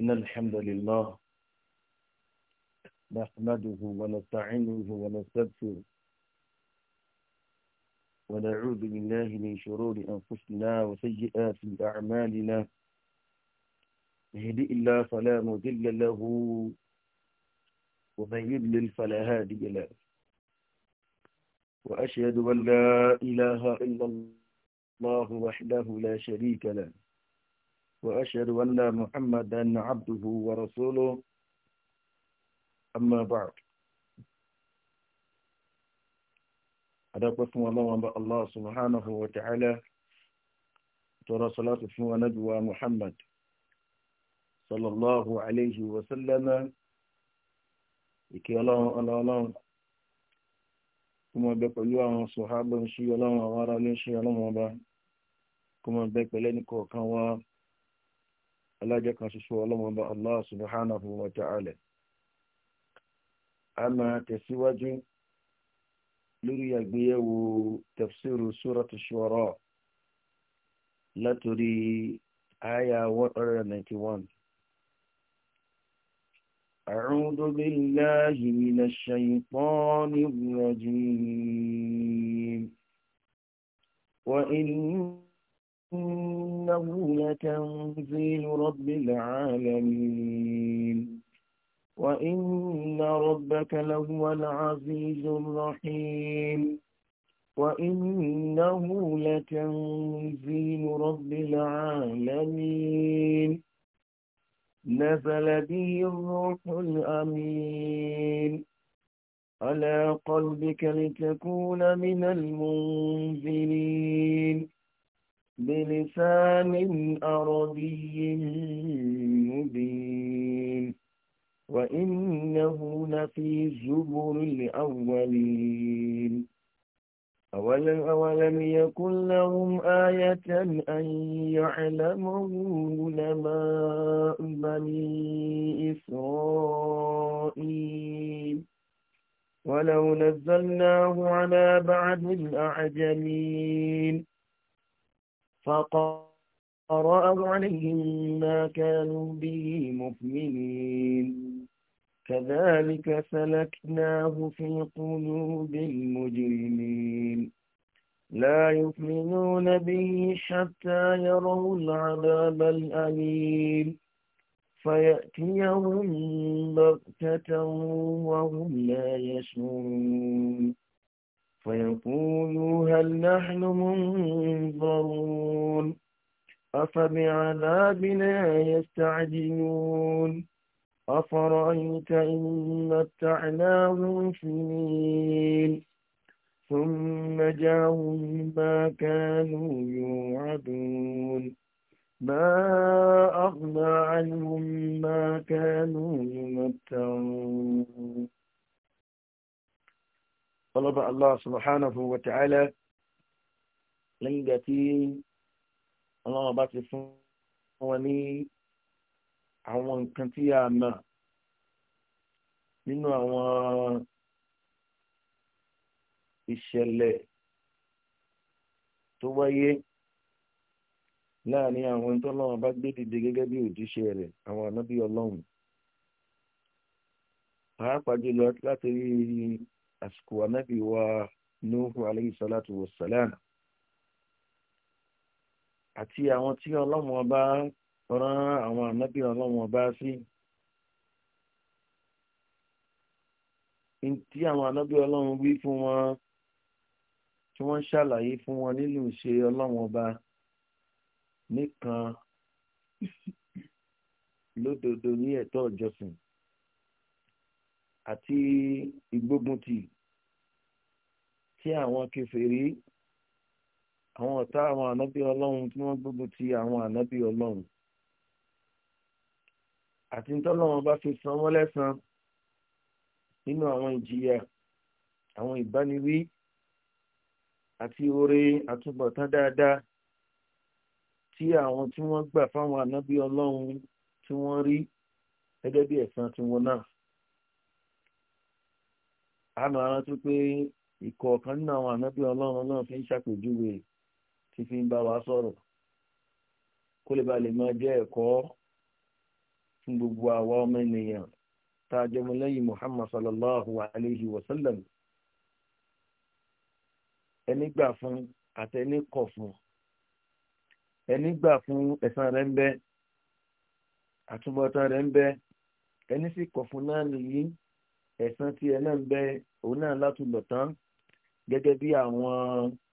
إن الحمد لله نحمده ونستعينه ونستغفره ونعوذ بالله من شرور أنفسنا وسيئات أعمالنا يهدي الله فلا مذل له ومن يضلل فلا هادي له وأشهد أن لا إله إلا الله وحده لا شريك له وأشهد أن محمدا عبده ورسوله أما بعد قسم الله وما الله سبحانه وتعالى ترى صلاة في ونجوى محمد صلى الله عليه وسلم يكي الله على الله كما bẹ pẹ̀lú àwọn sọ̀hábọ̀ الله ṣe لين àwọn الله وما ń ṣe ọlọ́run ọba alájẹ́ kan ṣoṣo ọlọ́mọba Allah subhanahu wa ta'ala a máa tẹ̀síwájú lórí àgbéyẹ̀wò tafsiru suratu Shu'ara látòrí àyà 191 أعوذ بالله من الشيطان الرجيم وإن إنه لتنزيل رب العالمين وإن ربك لهو العزيز الرحيم وإنه لتنزيل رب العالمين نزل به الروح الأمين على قلبك لتكون من المنزلين بلسان عربي مبين وإنه لفي زبر الأولين أولم, أولم يكن لهم آية أن يعلمه علماء بني إسرائيل ولو نزلناه على بعض الأعجمين فقرأوا عليهم ما كانوا به مؤمنين كذلك سلكناه في قلوب المجرمين لا يؤمنون به حتى يروا العذاب الأليم فيأتيهم بغتة وهم لا يشعرون فيقولوا هل نحن منظرون أفبعذابنا يستعجلون أفرأيت إن متعناهم سنين ثم جاءهم ما كانوا يوعدون ما أغنى عنهم ما كانوا يمتعون ọlọ́ba Allah subhanahu wa ta'ala lẹ́yìn ìgbà tí ọlọ́run bá ti fún wọn ní àwọn nǹkan tí a mọ̀ nínú àwọn ìṣẹ̀lẹ̀ tó wáyé láàrin àwọn tó lọ́wọ́ bá gbé dìde gẹ́gẹ́ bí òjíṣẹ́ rẹ̀ àwọn ànábí ọlọ́run pàápàá jùlọ láti rí àsìkò anábì wa nuhu aleyhi salatu wa salam àti àwọn tí ọlọ́mọ bá rán àwọn anábì ọlọ́mọ bá sí tí àwọn anábì ọlọ́run wí fún wọn tí wọ́n ṣàlàyé fún wọn nínú ìṣe ọlọ́run ọba nìkan lódodo ní ẹ̀tọ́ ìjọsìn àti ìgbóguntì tí àwọn kèfèrí àwọn ọ̀tá àwọn ànábì ọlọ́run tí wọ́n gbógun ti àwọn ànábì ọlọ́run àti ntọ́lọ́run bá fi san wọ́n lẹ́san nínú àwọn ìjìyà àwọn ìbániwí àti oore àtúbọ̀tán dáadáa tí àwọn tí wọ́n gbà fáwọn ànábì ọlọ́run tí wọ́n rí gẹ́gẹ́ bí ẹ̀san tiwọn náà a máa rántí pé ìkọ̀ọ̀kan nínú àwọn ànábì ọlọ́run náà fi ń ṣàpèjúwe tí fi ń bá wa sọ̀rọ̀ kó lè ba lè máa jẹ́ ẹ̀kọ́ fún gbogbo àwa ọmọ ènìyàn tá a jẹ́ ọmọlẹ́yìn Muhammad sallallahu alayhi wa sallam ẹni gbà fún àtẹni kọ̀ fún ẹni gbà fún ẹ̀san rẹ̀ ń bẹ àtúbọ̀tán rẹ̀ ń bẹ ẹni sì kọ̀ fún náà nìyí ẹ̀san tiẹ̀ náà ń bẹ òun náà látún lọ tán gẹ́gẹ́ bí àwọn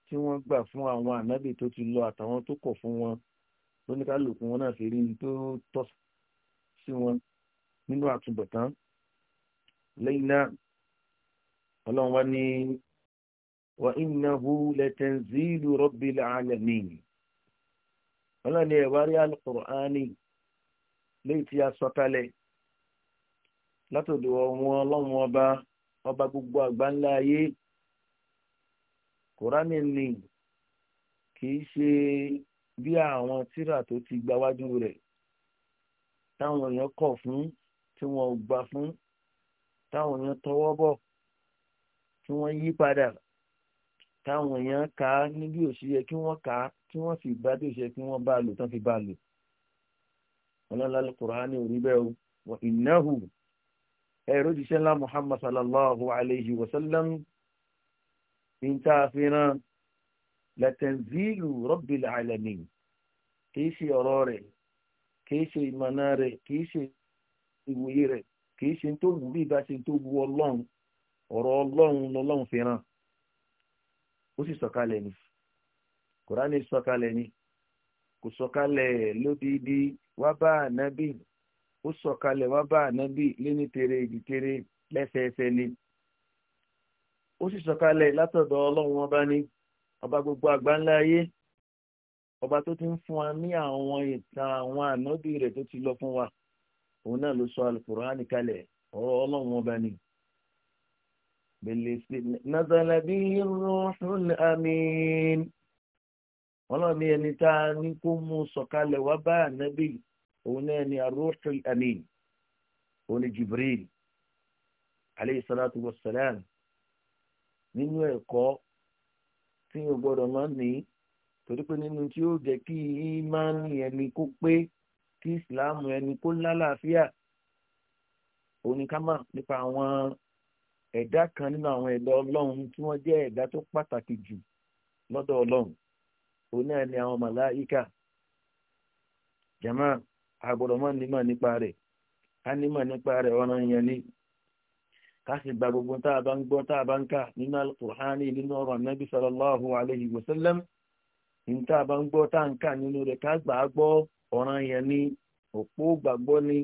tí wọ́n gbà fún àwọn ànábì tó ti lọ àtàwọn tó kọ̀ fún wọn lóníkálùkù wọn náà fi rí ní tó tọ́ sí wọn nínú àtúbọ̀tán lẹ́yìn náà ọlọ́run wá ní wa innahu latanzilu rabbil alamin ọlọ́run ní ẹ̀wá rí alukur'ani léyìí tí a sọ kalẹ̀ látọ̀dọ̀ wọn ọlọ́run ọba ọba gbogbo àgbáńlá ayé kùránì ni kì í ṣe bí àwọn tíra tó ti gbáwájú rẹ̀ táwọn èèyàn kọ̀ fún tí wọ́n gbà fún táwọn èèyàn tọwọ́ bọ̀ tí wọ́n yí padà táwọn èèyàn kà á ní kí wọ́n kà tí wọ́n sì bá bí ṣe kí wọ́n bá lò tán fi bá lò. wọn Kùránì ò rí bẹ́ẹ̀ o ìnáhù ẹ̀rọ jíṣẹ́ ńlá muhammad sallallahu alayhi wa sallam ní tá a fi rán latanzilu rabbil alamin kìí ṣe ọ̀rọ̀ rẹ̀ kìí ṣe ìmọ̀nà rẹ̀ kìí ṣe ìwòye rẹ̀ kìí ṣe tó wù bí ìbá ṣe tó wù ọlọ́run ọ̀rọ̀ ọlọ́run lọ́lọ́run fi rán ó sì sọ̀kalẹ̀ ni kùránì sọ̀kalẹ̀ ni kò sọ̀kalẹ̀ lódìdí wá bá ànábì ó sọ̀kalẹ̀ wá bá ànábì léni tere ìdí tere lẹ́sẹẹsẹ ni ó sì sọ̀kalẹ̀ látọ̀dọ̀ ọlọ́run ọba ní ọba gbogbo àgbáńlá ayé ọba tó ti ń fún wa ní àwọn ìtàn àwọn ànábì rẹ̀ tó ti lọ fún wa òun náà ló sọ alukur'ani kalẹ̀ ọ̀rọ̀ ọlọ́run ọba ni. nazala bihi ruhul amin ọlọ́run ẹni tá a ní kó mú sọ̀kalẹ̀ wá bá ànábì òun náà ni arúhul amin òun ni jibril aleyhi salatu wa salam nínú ẹ̀kọ́ tí o gbọ́dọ̀ ní torí tí ó jẹ́ kí ìmánì ẹni kó pé kí ẹni kó nípa kan nínú àwọn ọlọ́run tí jama àgbọ̀dọ̀ mọ́ nímọ̀ nípa rẹ̀ ká nímọ̀ nípa rẹ̀ ọ̀ràn yẹn ni ká sì gba gbogbo tá a bá ń gbọ́ tá a bá ń kà nínú alukur'ani nínú ọ̀rọ̀ anábì sallallahu alayhi wa sallam ní tá a bá ń gbọ́ tá a ń kà nínú rẹ̀ ká gbà á gbọ́ ọ̀ràn yẹn ni òpó gbàgbọ́ ni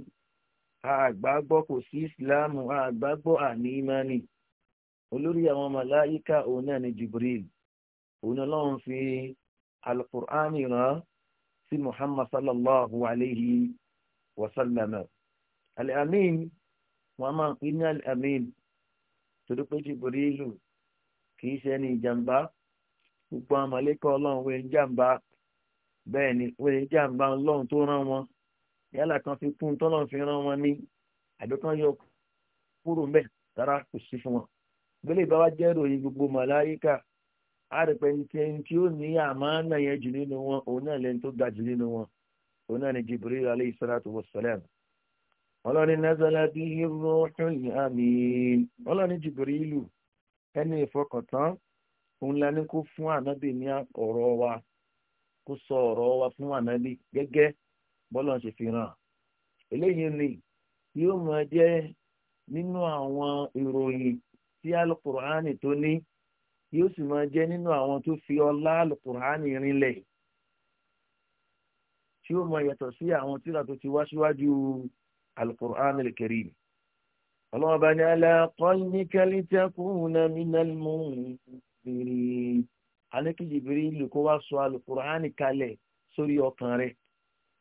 àgbàgbọ́ kò sí ìsìláàmù àgbàgbọ́ àní ìmánì olórí àwọn màláíkà òun náà ni Jibril òun náà lọ́wọ́n fi alukur'ani rán sí muhammad sallallahu alayhi wa sallam al-amin wọn máa ń pín ní al-amin torí pé jibrilu kì í ṣe ẹni ìjàmbá gbogbo àmàlẹ́kọ̀ ọlọ́run wọ́n ń jàmbá bẹ́ẹ̀ ni wọ́n ń jàmbá ọlọ́run tó rán wọn yálà kan fi kún tọ́lọ́run fi rán wọn ní àdókàn yọ kúrò mbẹ́ rárá kò sí fún wọn gbélé ìbáwá jẹ́ ìròyìn gbogbo màláyíkà àrùpẹ̀yìntì tí ó ní àmánà yẹn jù nínú wọn òun náà n'inu tó ga jù nínú wọn òun náà ni Jibril alayhi salatu wa salam ọlọ́ni nazala bihi ihe amin ọlọ́ni Jibrilu ẹni ìfọkàntán òun la kó fún ànábì ní ọ̀rọ̀ wa kó sọ ọ̀rọ̀ wa fún gẹ́gẹ́ bọ́lá ṣe fi eléyìí ni yóò máa jẹ́ nínú àwọn ìròyìn tí alukur'ani tó ní yóò sì máa jẹ́ nínú àwọn tó fi ọlá alukur'ani rinlẹ̀ tí ó mọ yàtọ̀ sí àwọn tíra tó ti wá síwájú alukur'ani al-karim ọlọ́wọ́ bá ní alákọ́líníkà litakuna minal munzirin alẹ́kí Jibrilu kó wá sọ alukur'ani kalẹ̀ sórí ọkàn rẹ̀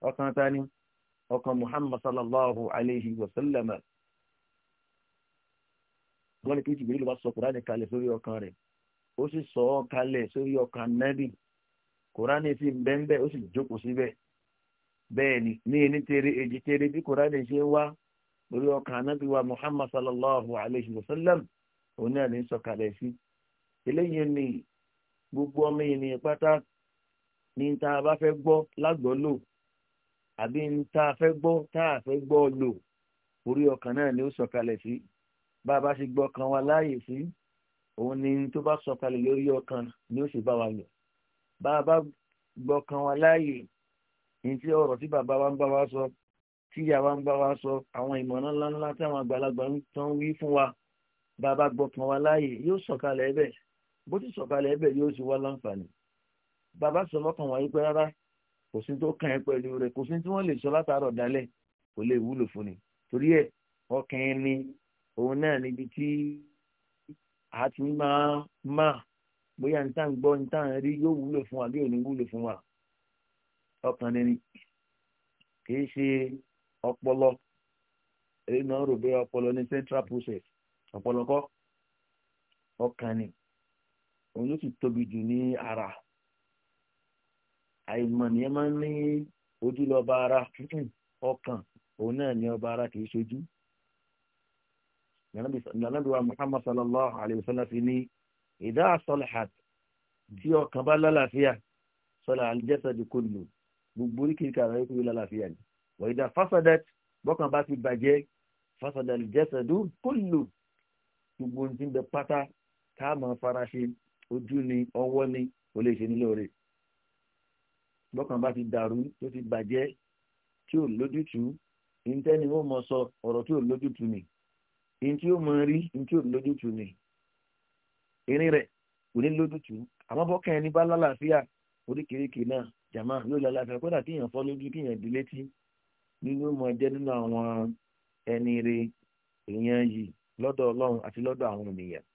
ọkàn tani ọkàn Muhammad sallallahu alayhi wa sallam wọ́n ní kí wá sọ kur'ani kalẹ̀ sórí ọkàn rẹ̀. ó sì sọ ọ́ kalẹ̀ sórí ọkàn nẹ́bì kùránì sì ń bẹ́ ń bẹ́ ó sì jókòó síbẹ̀ ni ní ẹni tere èjì tere bí kùránì ṣe ń wá lórí ọkàn wa muhammad sallallahu alayhi wa sallam òun náà ní sọ kalẹ̀ sí eléyìí ni gbogbo ọmọ ni pátá ní ta bá fẹ́ gbọ́ lágbọ́ abi àbí ní ta fẹ́ gbọ́ tá a fẹ́ gbọ́ lò orí ni ó sọ kalẹ̀ sí bá a bá ṣe gbọ́ kan òun ni tó bá sọ̀kalẹ̀ lórí ọkàn ni ó sì bá wa lò bá a bá gbọ́kàn wa láàyè ní ti ọ̀rọ̀ tí bàbá wa ń bá wa sọ tí ìyá wa ń bá wa sọ àwọn ìmọ̀ràn ńláńlá tí àwọn àgbàlagbà ń tán wí fún wa bá a bá gbọ́kàn wa láàyè yóò sọ̀kalẹ̀ ẹbẹ̀ bó ti sọ̀kalẹ̀ ẹbẹ̀ yóò sì wá láǹfààní bàbá sọ lọ́kàn wáyé pé rárá kò sí tó kàn ẹ́ pẹ̀lú rẹ̀ kò sí tí wọ́n lè sọ látàárọ̀ dálẹ̀ kò lè wúlò fún ni torí ẹ̀ ọkàn ẹni òun náà níbi tí àti máa mà bóyá n tá n gbọ́ n tá n rí yóò wúlò fún wa bí ò ní wúlò fún wa ọkàn nínú kì í ṣe ọpọlọ èyí náà rò ọpọlọ ní central process ọpọlọ kọ́ ọkàn ni òun ló sì tóbi jù ní ara àìmọ̀ nìyẹn máa ń ní ojú lọ́ba ara ọkàn òun náà ní ọba ara kì ṣojú nànàbíwá muhammad sallallahu alayhi wa sallam fi ní ìdá àsọlẹ̀hàt tí ọkàn bá lálàáfíà sọlá aljasadu kullu gbogbo oríkèéríkè ara yóò kúrò lálàáfíà ni wọ́n ìdá fasadat bọ́kàn bá ti bàjẹ́ fasada aljasadu kullu gbogbo ohun tí ń bẹ pátá tá a ni ọwọ́ ni kò lè ṣe nílò rẹ̀ bọ́kàn bá ti dàrú tó ti bàjẹ́ tí ò lójútùú ìńtẹ́ni ó mọ sọ ọ̀rọ̀ tí ò lójútùú nìí ní tí ó mọ rí ní tí ni eré rẹ̀ kò ní lójútu àmọ́ bọ́kàn ẹni bá lálàáfíà oríkèéríkè náà jàmá yóò lálàáfíà kódà kíyàn fọ́ lójú kíyàn dé létí nínú mọ jẹ́ nínú àwọn ẹni rẹ̀ èèyàn yìí lọdọ ọlọ́run àti lọ́dọ̀ àwọn ènìyàn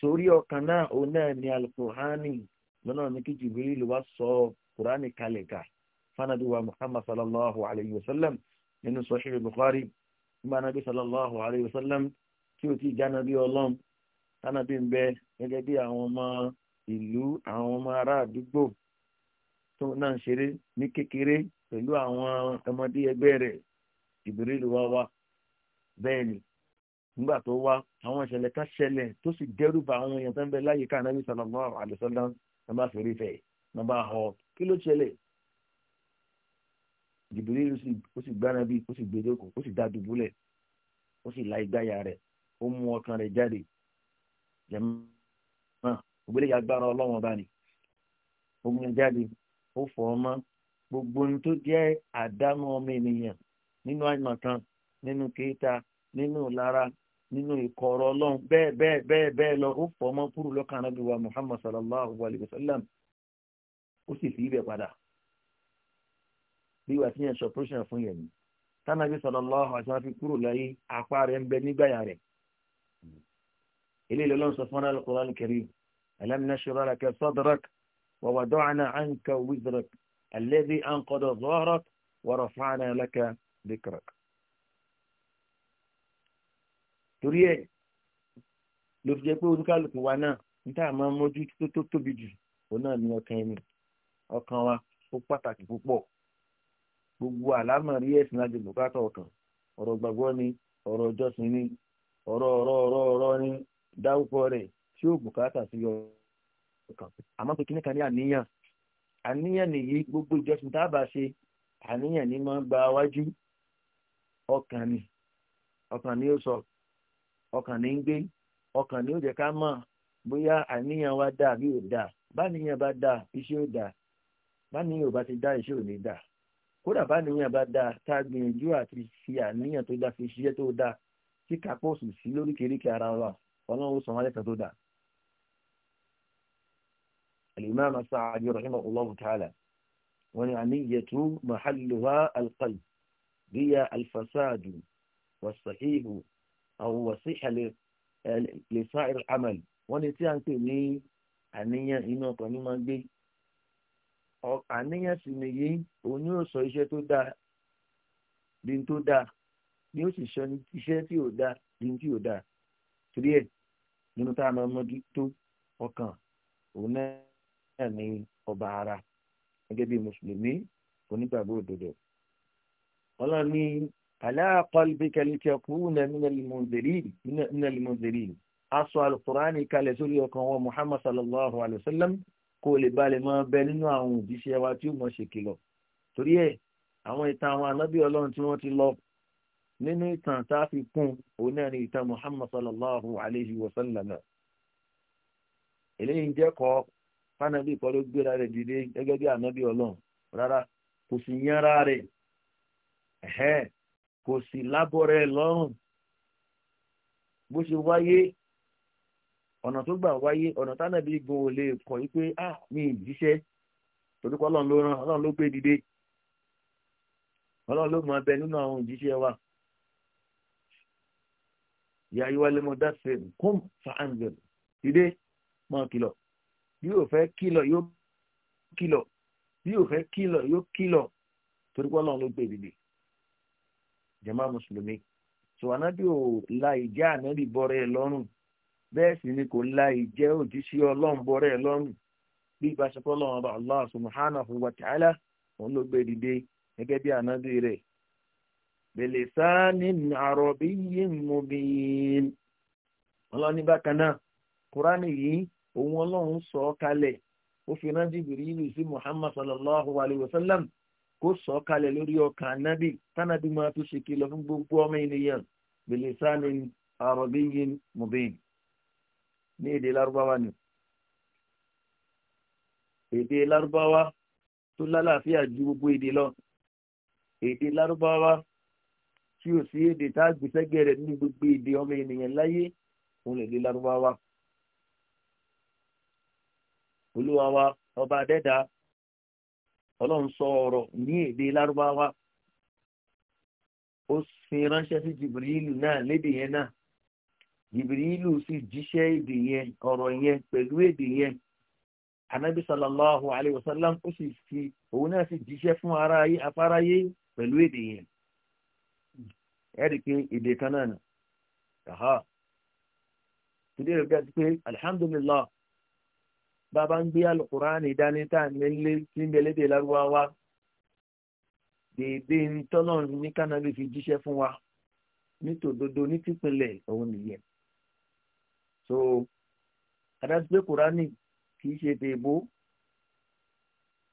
sórí ọkàn náà òun náà ni alukur'ani lọ́nà ní kí Jibril wá sọ kur'ani kalẹ̀ ga fanabi wa Muhammad sallallahu alayhi wa sallam nínú nígbà anábì sallallahu alayhi wa sallam tí o ti jánábì ọlọ́run tánábì ń bẹ gẹ́gẹ́ bí àwọn ọmọ ìlú àwọn ọmọ ará àdúgbò tó náà ń ṣeré ní kékeré pẹ̀lú àwọn ọmọdé ẹgbẹ́ rẹ̀ Jibril wá wá bẹ́ẹ̀ ni nígbà tó wá àwọn ìṣẹ̀lẹ̀ kan ṣẹlẹ̀ tó sì dẹ́rù bà àwọn èèyàn tó ń bẹ láyé ká anábì sallallahu alayhi wa sallam náà fèrè fẹ̀ náà họ kí ló ṣẹlẹ̀ jìbìrì ó sì gbára bí ó sì gbèdéko ó sì dá dùbúlẹ̀ ó sì la igbáya rẹ̀ ó mú ọkàn rẹ̀ jáde jẹ̀mọ́ ògbélé agbára ọlọ́run ọba ni ó mú jáde ó fọ̀ ọ́ mọ́ gbogbo ohun tó jẹ́ àdámọ́ ọmọ ènìyàn nínú àìmọ̀kan nínú kéta nínú lára nínú ìkọ̀rọ̀ ọlọ́run bẹ́ẹ̀ bẹ́ẹ̀ bẹ́ẹ̀ bẹ́ẹ̀ lọ ó fọ̀ ọ́ mọ́ kúrò lọ́kàn anábìwá Muhammad sallallahu alayhi wa sallam ó sì fi ibẹ̀ padà bí wàá ti yàn sọ pírọ́ṣàn fún yẹn ni tánàbí sallallahu alaihi wasallam fi kúrò láyé apá rẹ̀ ń bẹ nígbàyà rẹ̀ eléyìí lọ́n sọ fún al-Qur'an al-Karim alam nashrah laka sadrak wa wada'na anka wizrak alladhi anqada dhahrak wa rafa'na laka dhikrak. torí ẹ̀ ló fi jẹ́ pé olúkálùkù wa náà níta máa mójú tó tóbi jù òun náà ní ọkàn ẹni ọkàn wa ó pàtàkì púpọ̀ gbogbo àlámọ̀rí ẹ̀sìn láti bùkátà ọkàn ọ̀rọ̀ gbàgbọ́ ni ọ̀rọ̀ ìjọsìn ni ọ̀rọ̀ ọ̀rọ̀ ọ̀rọ̀ ọ̀rọ̀ ni dárúkọ rẹ̀ tí ó bùkátà sí ọkàn àmọ́ pé kíníkan ní àníyàn àníyàn nìyí gbogbo ìjọsìn tá a bá ṣe àníyàn ni máa ń gba wájú ni ọkàn ni ó sọ ọkàn ni ń gbé ni ó jẹ ká bóyá wa bí ò báníyàn bá iṣẹ́ ò báníyàn ò bá ti iṣẹ́ ò ní kódà bá nìyẹn bá dáa tá a gbìyànjú àti fi àníyàn tó dáa fi ṣiṣẹ́ tó dáa tí kápọ̀ sùn sí lóríkèéríkè ara wa ọlọ́run sọ wọn lẹ́sẹ̀ tó dáa. الإمام السعدي رحمه الله تعالى والعنية محلها القلب هي الفساد والصحيح أو وصيحة لسائر العمل wọ́n ní tí a ń pè ní àníyàn inú ọkàn ní máa gbé àníyàn sì nìyí òun yóò sọ iṣẹ́ tó dáa di tó dáa ni ó sì sọ iṣẹ́ tí ò dáa di tí ò dáa torí ẹ̀ nínú tá a máa mọ́jú tó ọkàn òun náà ní ọba ara gẹ́gẹ́ bí mùsùlùmí onígbàgbọ́ òdodo. ọlọ́run ní aláàkọ́lùbíkẹ́lì tí ọkùn wúnà nínú ẹlẹ́mọ̀ọ́dẹ̀rì aṣọ alukùránì kalẹ̀ sórí ọkàn wọn muhammad sallallahu alayhi wa sallam kó lè balẹ̀ mọ́ bẹ nínú àwọn òjíṣẹ́ wa tí ó mọ̀ ṣèkìlọ̀ torí ẹ̀ àwọn ìtàn àwọn anábì ọlọ́run tí wọ́n ti lọ nínú ìtàn tá a fi kún òun náà ní ìtàn muhammad sallallahu alayhi wa sallam eléyìí ń jẹ́kọ̀ọ́ fanabi kọ́ ló gbéra rẹ̀ dìde gẹ́gẹ́ bí anábì ọlọ́run rárá kò sì yánra rẹ̀ kò sì lábọ̀ rẹ̀ lọ́rùn bó ṣe wáyé ọ̀nà tó gbà wáyé ọ̀nà tánàbí gun ò lè kọ̀ yí pé ah mi ì jíṣẹ́ torí pé ọlọ́run ló rán ọlọ́run ló gbé dìde ọlọ́run ló mọ abẹ nínú àwọn òjíṣẹ́ wa ìyá yíwá lè mọ dáṣẹ kún fàánzẹl dìde mọ kìlọ̀ bí yóò fẹ́ kìlọ̀ yóò kìlọ̀ bí yóò fẹ́ kìlọ̀ yóò kìlọ̀ torí pé ọlọ́run ló gbé dìde jàmá mùsùlùmí sọ anábì ò la ìjà ànábì bọ́rẹ̀ lọ́rùn bẹ́ẹ̀ sì ni kò la ìjẹ́ òjíṣẹ́ ọlọ́run bọ́rẹ́ lọ́rùn bí ìbáṣepọ̀ ọba allah subhanahu wa ta'ala òun ló gbé dìde gẹ́gẹ́ bí ànábì rẹ̀ bilisanin arabiyyin mubin ọlọ́ni bákan náà kúránì yìí òun ọlọ́run sọ ọ́ kalẹ̀ ó fi muhammad sallallahu alayhi wa sallam kó sọ ọ́ kalẹ̀ lórí ọkàn ànábì tánàbí máa tún ṣe fún ní èdè lárúbáwá ni èdè lárúbáwá tó lálàáfíà ju gbogbo èdè lọ èdè lárúbáwá tí ò sí èdè tá a gbèsẹ́gẹ̀ rẹ̀ nínú gbogbo èdè ọmọ ènìyàn láyé òun lè dé lárúbáwá olúwa wa ọba adẹ́dá ọlọ́run sọ ọ̀rọ̀ ní èdè lárúbáwá ó sin ránṣẹ́ sí Jibrilu náà lédè yẹn náà jìbìrìlù sì jíṣẹ́ èdè yẹn ọ̀rọ̀ yẹn pẹ̀lú èdè yẹn anabi sallallahu alayhi wa sallam ó sì fi òun náà sì jíṣẹ́ fún aráyé afáráyé pẹ̀lú èdè yẹn ẹ̀rí pé èdè kan náà nà ẹ̀hà ìdí rẹ̀ gbàdí pé alihamdulilah bàbá ń gbé alukur'an ìdání tá à ń lé sí ìbẹ̀lẹ́dẹ̀ lárúbáwá dèédéé tọ́lọ́run ní kánábì fi jíṣẹ́ fún wa nítòdodo ní tìpínlẹ̀ òun nìyẹn so adájọ́ pé kùránì kì í ṣe tèbó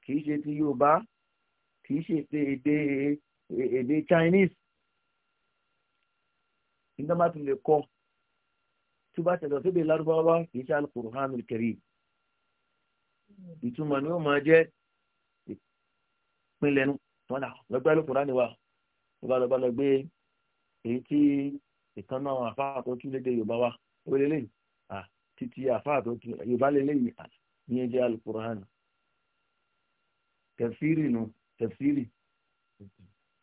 kì í ṣe ti yorùbá kì í ṣe ti èdè èdè chinese nígbà má ti lè kọ́ tó bá tẹ̀lé ọ̀sẹ̀ bíi lárúbáwá kì í ṣe alukur'an karim ìtumọ̀ ni ó máa jẹ́ ìpínlẹ̀ nu wọn lọ́gbẹ́ alukur'an wa lọ́ba èyí tí ìtàn náà àfa àkókò lédè yorùbá wa ó lélẹ́yìn títí àfáà tó tu yorùbá lélẹ́yìn ìyẹn jẹ́ alukuraani tẹ̀fírì nu tẹ̀fírì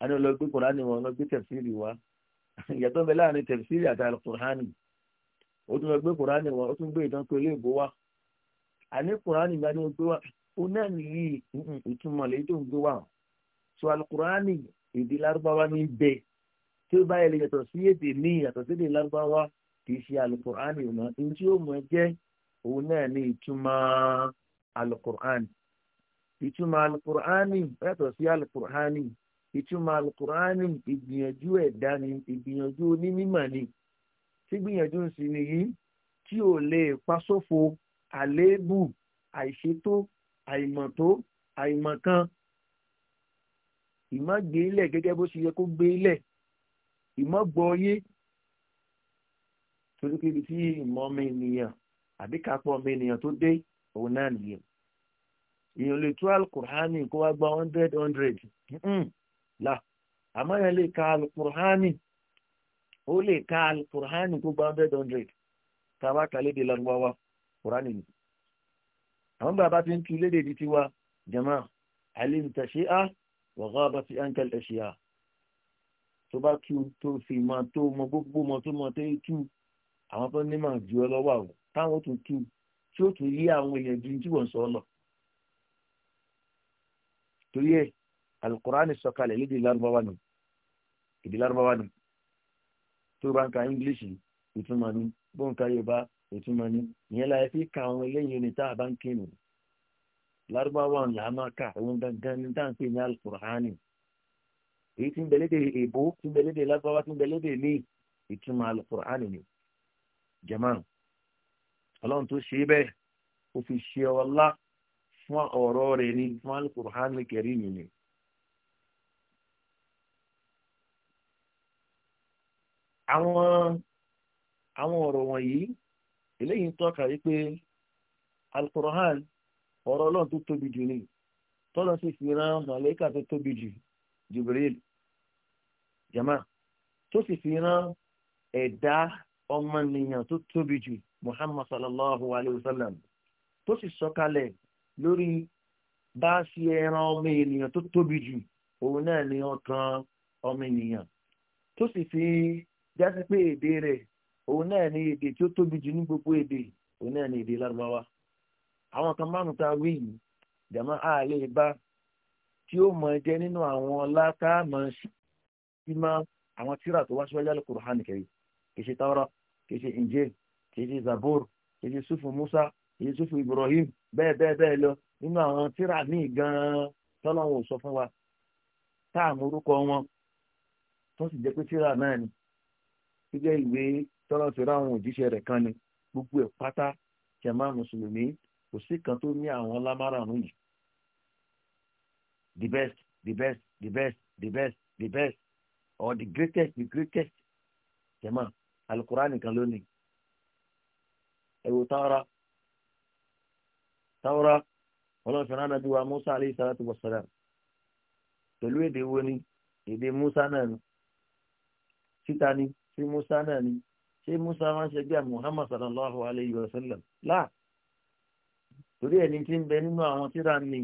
àni ọlọ́gbé kuraani wọn ọlọ́gbé tẹ̀fírì wa ìyàtọ̀ bẹ láàrin tẹ̀fírì àti alukuraani ó tún lọ gbé kuraani wọn ó tún gbé ìtàn pé iléèbó wa àní kuraani gba ni ó gbé wa ó náà nìyí ìtumọ̀ lèyí tó ń gbé wa so alukuraani èdè lárúbáwá ní bẹ tí ó bá yẹ lè yàtọ̀ sí èdè míì yàtọ̀ sí èdè lárúbáwá kì í ṣe alukur'an ìmọ̀ ní tí ó mọ̀ jẹ́ òun náà ní ìtumọ̀ alukur'an ìtumọ̀ alukur'an yàtọ̀ sí alukur'an ìtumọ̀ alukur'an ìgbìyànjú ẹ̀dá ni ìgbìyànjú onímọ̀ ni tí gbìyànjú ń sin nìyí tí ò lè pa sófo àléébù àìṣètò àìmọ̀tó àìmọ̀kan ìmọ̀ gbé ilẹ̀ gẹ́gẹ́ bó ṣe yẹ kó gbé ilẹ̀ ìmọ̀ gbọ́ yé torí pé ibi tí ìmọ̀ ọmọ ènìyàn àbí kápọ̀ ọmọ ènìyàn tó dé òun náà nìyẹn èèyàn lè tú alukur'ani kó wá gba hundred hundred la àmọ́ yẹn lè ka alukur'ani ó lè ka alukur'ani kó gba hundred hundred tàwa kà lédè Lárúbáwá kur'ani ni àwọn bàbá ti ń tu lédè di tiwa jama alim tashi'a wa ghabat ankal ashiya tó bá tu tó fi mọ tó mọ gbogbo mọ tó mọ tó tú àwọn tó ní màá ju ẹ lọ́wọ́ àwọn táwọn tún tú tí ó tún yé àwọn èèyàn ju tí wọ́n sọ lọ. torí ẹ alukurani sọ̀kalẹ̀ lédè lárúbáwá nù èdè lárúbáwá nù tó bá ń ka english ìtumọ̀ ni bó ń ka yorùbá ìtumọ̀ ni ìyẹn láyé fi ka àwọn eléyìí ní tá a bá ń kírun lárúbáwá là á máa ka òun gangan ní tá à ń pè ní alukurani èyí tí ń bẹ lédè èbó tí ń bẹ lédè lárúbáwá tí ń bẹ lédè ní ìtumọ̀ alukurani ni. jẹ̀mọ́n ọlọ́run tó ṣe bẹ́ẹ̀ ó fi ṣe ọlá fún ọ̀rọ̀ rẹ̀ ní fún alukur'an karim ni. àwọn àwọn ọ̀rọ̀ wọ̀nyí eléyìí ń tọ́ka yí pé alukur'an ọ̀rọ̀ tó tóbi jù ni sì fi tó tóbi jù Jibril jama tó sì fi ọmọnìyàn tó tóbi jù muhammad sallallahu alayhi wa sallam tó sì sọ̀kalẹ̀ lórí bá ẹran ọmọ ènìyàn tó tóbi jù òun náà ni ọkàn ọmọ ènìyàn tó sì fi èdè rẹ òun náà ni èdè tóbi jù ní gbogbo èdè òun náà ni ta wí yìí ba tí ó nínú àwọn ọlá sí àwọn tíra tó wá kìí ṣe tawra kìí ṣe injil kìí ṣe zabur kìí ṣe sufu musa kìí ṣe sufu ibrahim bẹ́ẹ̀ bẹ́ẹ̀ bẹ́ẹ̀ lọ nínú àwọn tíra míì gan-an tọ́lọ́wọ́n ò sọ fún wa tá à mú orúkọ wọn tó sì jẹ́ pé tíra náà ni gbígbẹ́ ìwé tọ́lọ́wọ́n ti rá àwọn òjíṣẹ́ rẹ̀ kan ni gbogbo ẹ̀ pátá jàmá mùsùlùmí kò sí kan tó ní àwọn lámárààrún yìí the best the best the best the best the best or the greatest the greatest jàmá alukura nìkan lónìí ẹ̀wò tawra tawra ọlọ́fin náà nàbí wa musa aleyhi salatu wa salam pẹ̀lú èdè wo ni èdè musa náà ni síta ni sí musa náà ni ṣé musa wọn ṣe bí muhammad sallallahu alayhi wa sallam láà torí ẹni tí ń bẹ nínú àwọn tíra ni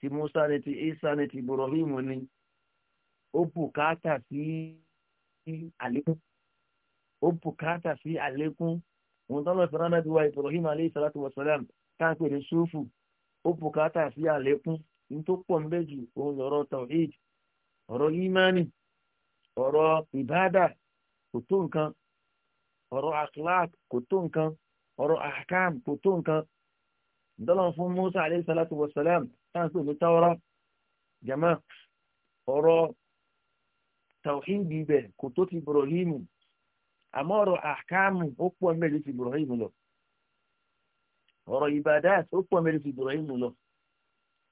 ti musa ni ti isa ni ti ibrahim ni ó bùkátà sí àlékún ó bùkátà sí àlékún òun tó lọ sọ̀rọ̀ nàbí wa Ibrahim aleyhi salatu wa salam káàpẹ̀ ní sófù ó bùkátà sí àlékún ní tó pọ̀ ń bẹ́ jù òun lọ́rọ̀ tawhid ọ̀rọ̀ yimani ọ̀rọ̀ ìbádà kò tó nǹkan ọ̀rọ̀ akhlaq kò tó nǹkan ọ̀rọ̀ ahkam kò tó nǹkan dọ́là fún Musa aleyhi salatu wa salam káàpẹ̀ ní tawra jama ọ̀rọ̀ tawhid ibẹ̀ kò tó ti Ibrahim àmọ́ ọ̀rọ̀ àkáàmù ó pọ̀ mẹ́rin ti Ibrahim lọ ọ̀rọ̀ ibadat ó pọ̀ mẹ́rin ti Ibrahim lọ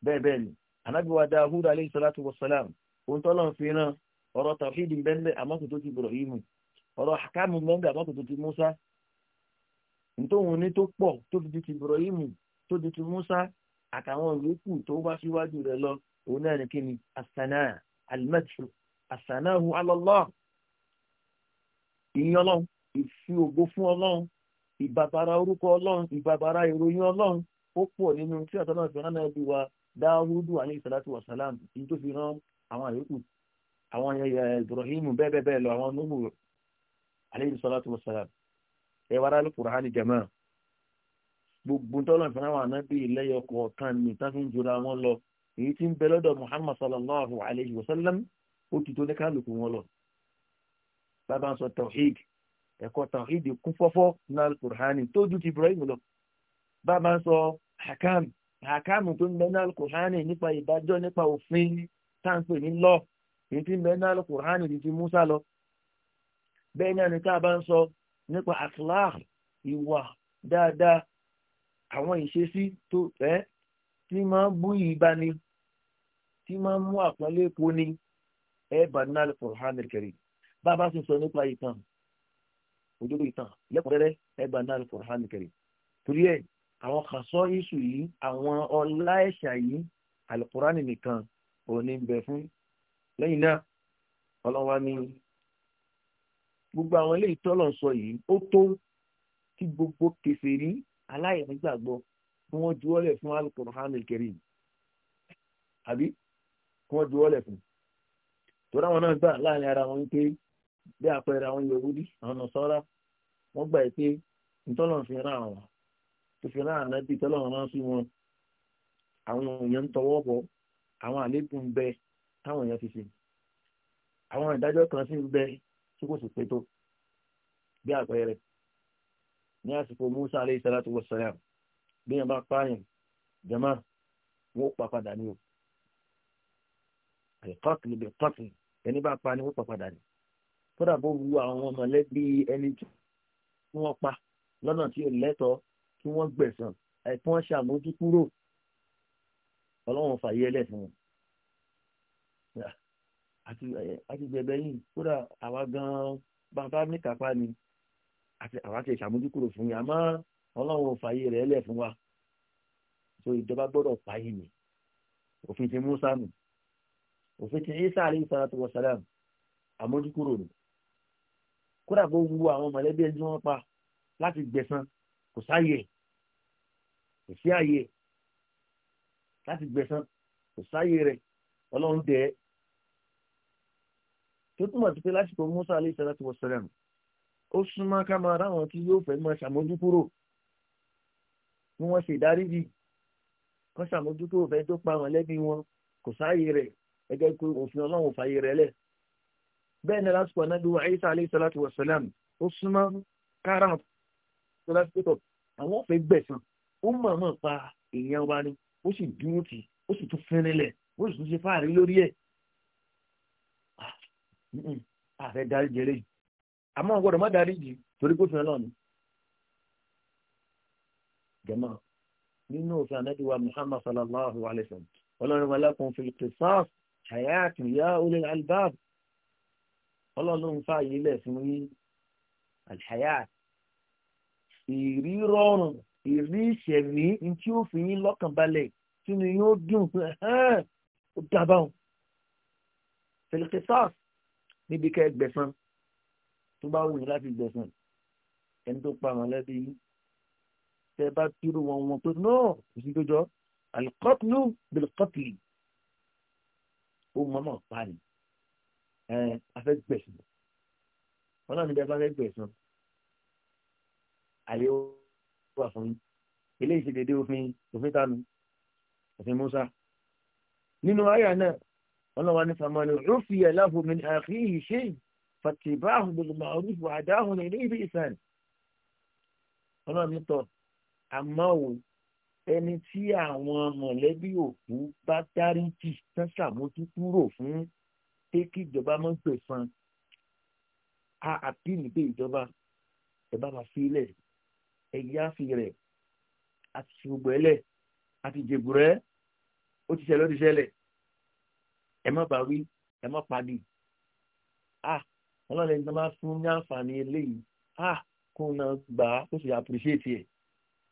bẹ́ẹ̀ bẹ́ẹ̀ ni anábíwá Dawud aleyhi salatu wa salam ohun tó lọ́n fi ran ọ̀rọ̀ tàfíìdì bẹ́ẹ̀ àmọ́ kò tó ti Ibrahim ọ̀rọ̀ àkáàmù bẹ́ẹ̀ àmọ́ kò tó ti Musa nítòhun ní tó pọ̀ tó fi di ti Ibrahim tó di ti Musa àtàwọn yòókù tó wá síwájú rẹ̀ lọ òun náà ní kíni asana alimẹ́tì asanahu alọ́lọ́ọ̀ ìyìn ọlọ́run ìfi ògo fún ọlọ́run ìbàbàrà orúkọ ọlọ́run ìbàbàrà ìròyìn ọlọ́run ó pọ̀ nínú tí àtọ́ náà fi rán náà bí wa dáhùdù àní ìsàlátì wàsálàm ní tó fi rán àwọn àyókù àwọn ibrahim bẹ́ẹ̀ bẹ́ẹ̀ lọ àwọn nómù àní ìsàlátì wàsálàm ẹ wá rálù kùránì jama gbogbo tọ́lọ̀ ìfẹ́ àwọn ànábì lẹ́yọ kọ̀ọ̀kan ní tá fi ń jura èyí tí ń bẹ lọ́dọ̀ muhammad sallallahu alayhi wa sallam ó ti tó ní kálukú wọn lọ bàbá ń sọ tawhid ẹ̀kọ́ tawhid kún fọ́fọ́ ní alukur'ani tó ju ti Ibrahim lọ bàbá ń sọ hakam hakam tó ń bẹ ní alukur'ani nípa ìdájọ́ nípa òfin táǹpẹ̀ ní lọ èyí tí ń bẹ ní alukur'ani ti ti Musa lọ bẹ́ẹ̀ ni tá a bá ń sọ nípa akhlaq ìwà dáadáa àwọn ìṣesí tó ẹ́ tí máa ń bú ìbani tí máa ń mú àpọ́nlé kò ní ẹ bá ní alukur'ani kẹrin bá a bá ti sọ nípa ìtàn òjòrò ìtàn lẹ́kùnrẹ́rẹ́ ẹgbà náà lè fọ̀rọ̀ hàn kẹrì torí ẹ̀ àwọn kan sọ iṣu yìí àwọn ọlá ẹ̀ṣà yìí alukurani nìkan òní bẹ fún lẹ́yìn náà ọlọ́wà ni gbogbo àwọn ilé ìtọ́lọ̀ sọ yìí ó tó kí gbogbo kèfèrí aláìnígbàgbọ́ kí wọ́n juwọ́lẹ̀ fún alukurani kẹrì àbí kí wọ́n juwọ́lẹ̀ fún torí àwọn náà gbà láàrin ara wọn pé bí àpẹẹrẹ àwọn Yahudi àwọn Nasara wọ́n gbà pé ntọ́lọ́run fi rán àwọn tó fi rán ànábì tọ́lọ́run rán sí wọn àwọn èèyàn ń tọwọ́ bọ̀ àwọn àlékún bẹ táwọn èèyàn fi ṣe àwọn ìdájọ́ kan sì ń bẹ tí kò sì pé tó Musa bí jama kódà bó wu àwọn mọ̀lẹ́bí ẹni tí wọ́n pa lọ́nà tí ò lẹ́tọ̀ọ́ kí wọ́n gbẹ̀sán àìpé wọ́n ṣàmójúkúrò ọlọ́run fàyè ẹlẹ́fún wọn. àti bẹ̀bẹ̀ yìí kódà àwa gan-an bàbá níkàpá ni àti àwa ti ṣàmójúkúrò fún yín àmọ́ ọlọ́run fàyè rẹ̀ ẹlẹ́fún wa so ìjọba gbọ́dọ̀ fàyè mi òfin ti Musa nù òfin ti Isa alayhi salatu wa salam àmójúkúrò nù kódà kó wu àwọn mọ̀lẹ́bí ẹni tí wọ́n pa láti gbẹ̀san kò sáyè kò sí àyè láti gbẹ̀san kò sáyè rẹ̀ ọlọ́run tẹ̀ ẹ́ tó túmọ̀ sí pé lásìkò Musa alayhi salatu wa salam ó súnmọ́ ká máa ráwọn tí yóò fẹ́ máa ṣàmójúkúrò bí wọ́n ṣe ìdáríjì kọ́ ṣàmójúkúrò fẹ́ tó pa mọ̀lẹ́bí wọn kò sáyè rẹ̀ ẹgẹ́ pé òfin ọlọ́run fàyè rẹ̀ lẹ̀ bẹ́ẹ̀ ni lásìkò anábì wa Isa alayhi salatu wa salam ó súnmọ́ káràn tó lásìkò tó àwọn ò fẹ́ gbẹ̀sán ó mọ̀ọ́mọ̀ pa èèyàn wa ni ó sì dúró tì ó sì tún fẹ́rẹ́lẹ̀ ó sì tún ṣe fáàrí lórí ẹ̀ ààrẹ darí jẹrẹ yìí àmọ́ ọgbọ́dọ̀ má darí jì torí kó fìràn náà ni. jama nínú òfin Ànábì Muhammad sallallahu alayhi wa sallam ọlọ́run wa lakum fil qisas hayatun ya ulil albab ọlọ́run fààyè lẹ̀ fún yín alhayat ìrí rọrùn ìrí ìṣẹ̀mí tí ó fi yín lọ́kànbalẹ̀ sínú yóò dùn pé ó dábàá felicitous níbi ká ẹgbẹ̀sán tó bá wù yín láti gbẹ̀sán ẹni tó pa mọ̀lẹ́bí tẹ bá tírú wọn wọn tó náà kò sí tó jọ alikọ́tìlú bilikọ́tìlì ó mọ̀ọ́mọ̀ pa ni ẹ afẹ́ gbẹ̀sán wọn náà níbi afẹ́ gbẹ̀sán àyè wà fún yín eléyìí ṣe déédéé òfin òfin tánu òfin Musa nínú àyà náà wọn náà wà ní famani rufiya lahu min akhihi shay fatibahu bil ma'ruf wa adahu ilayhi bi ihsan wọn náà ní tọ àmọ́ o ẹni tí àwọn mọ̀lẹ́bí òkú bá dárí jì tán ṣàmójúkúrò fún pé kí ìjọba máa ń pè fún a àpìlì pé ìjọba ẹ bá wa sílẹ̀ ẹ yá fi rẹ̀ àti ṣùgbọ́ ẹlẹ̀ àti jèbùrẹ́ ó ti ṣẹlẹ̀ ó ti ṣẹlẹ̀ ẹ má bá wí ẹ má padì a ọlọ́run ẹni tó máa fún ní àǹfààní eléyìí a kó náà gbà á kó sì appreciate ẹ̀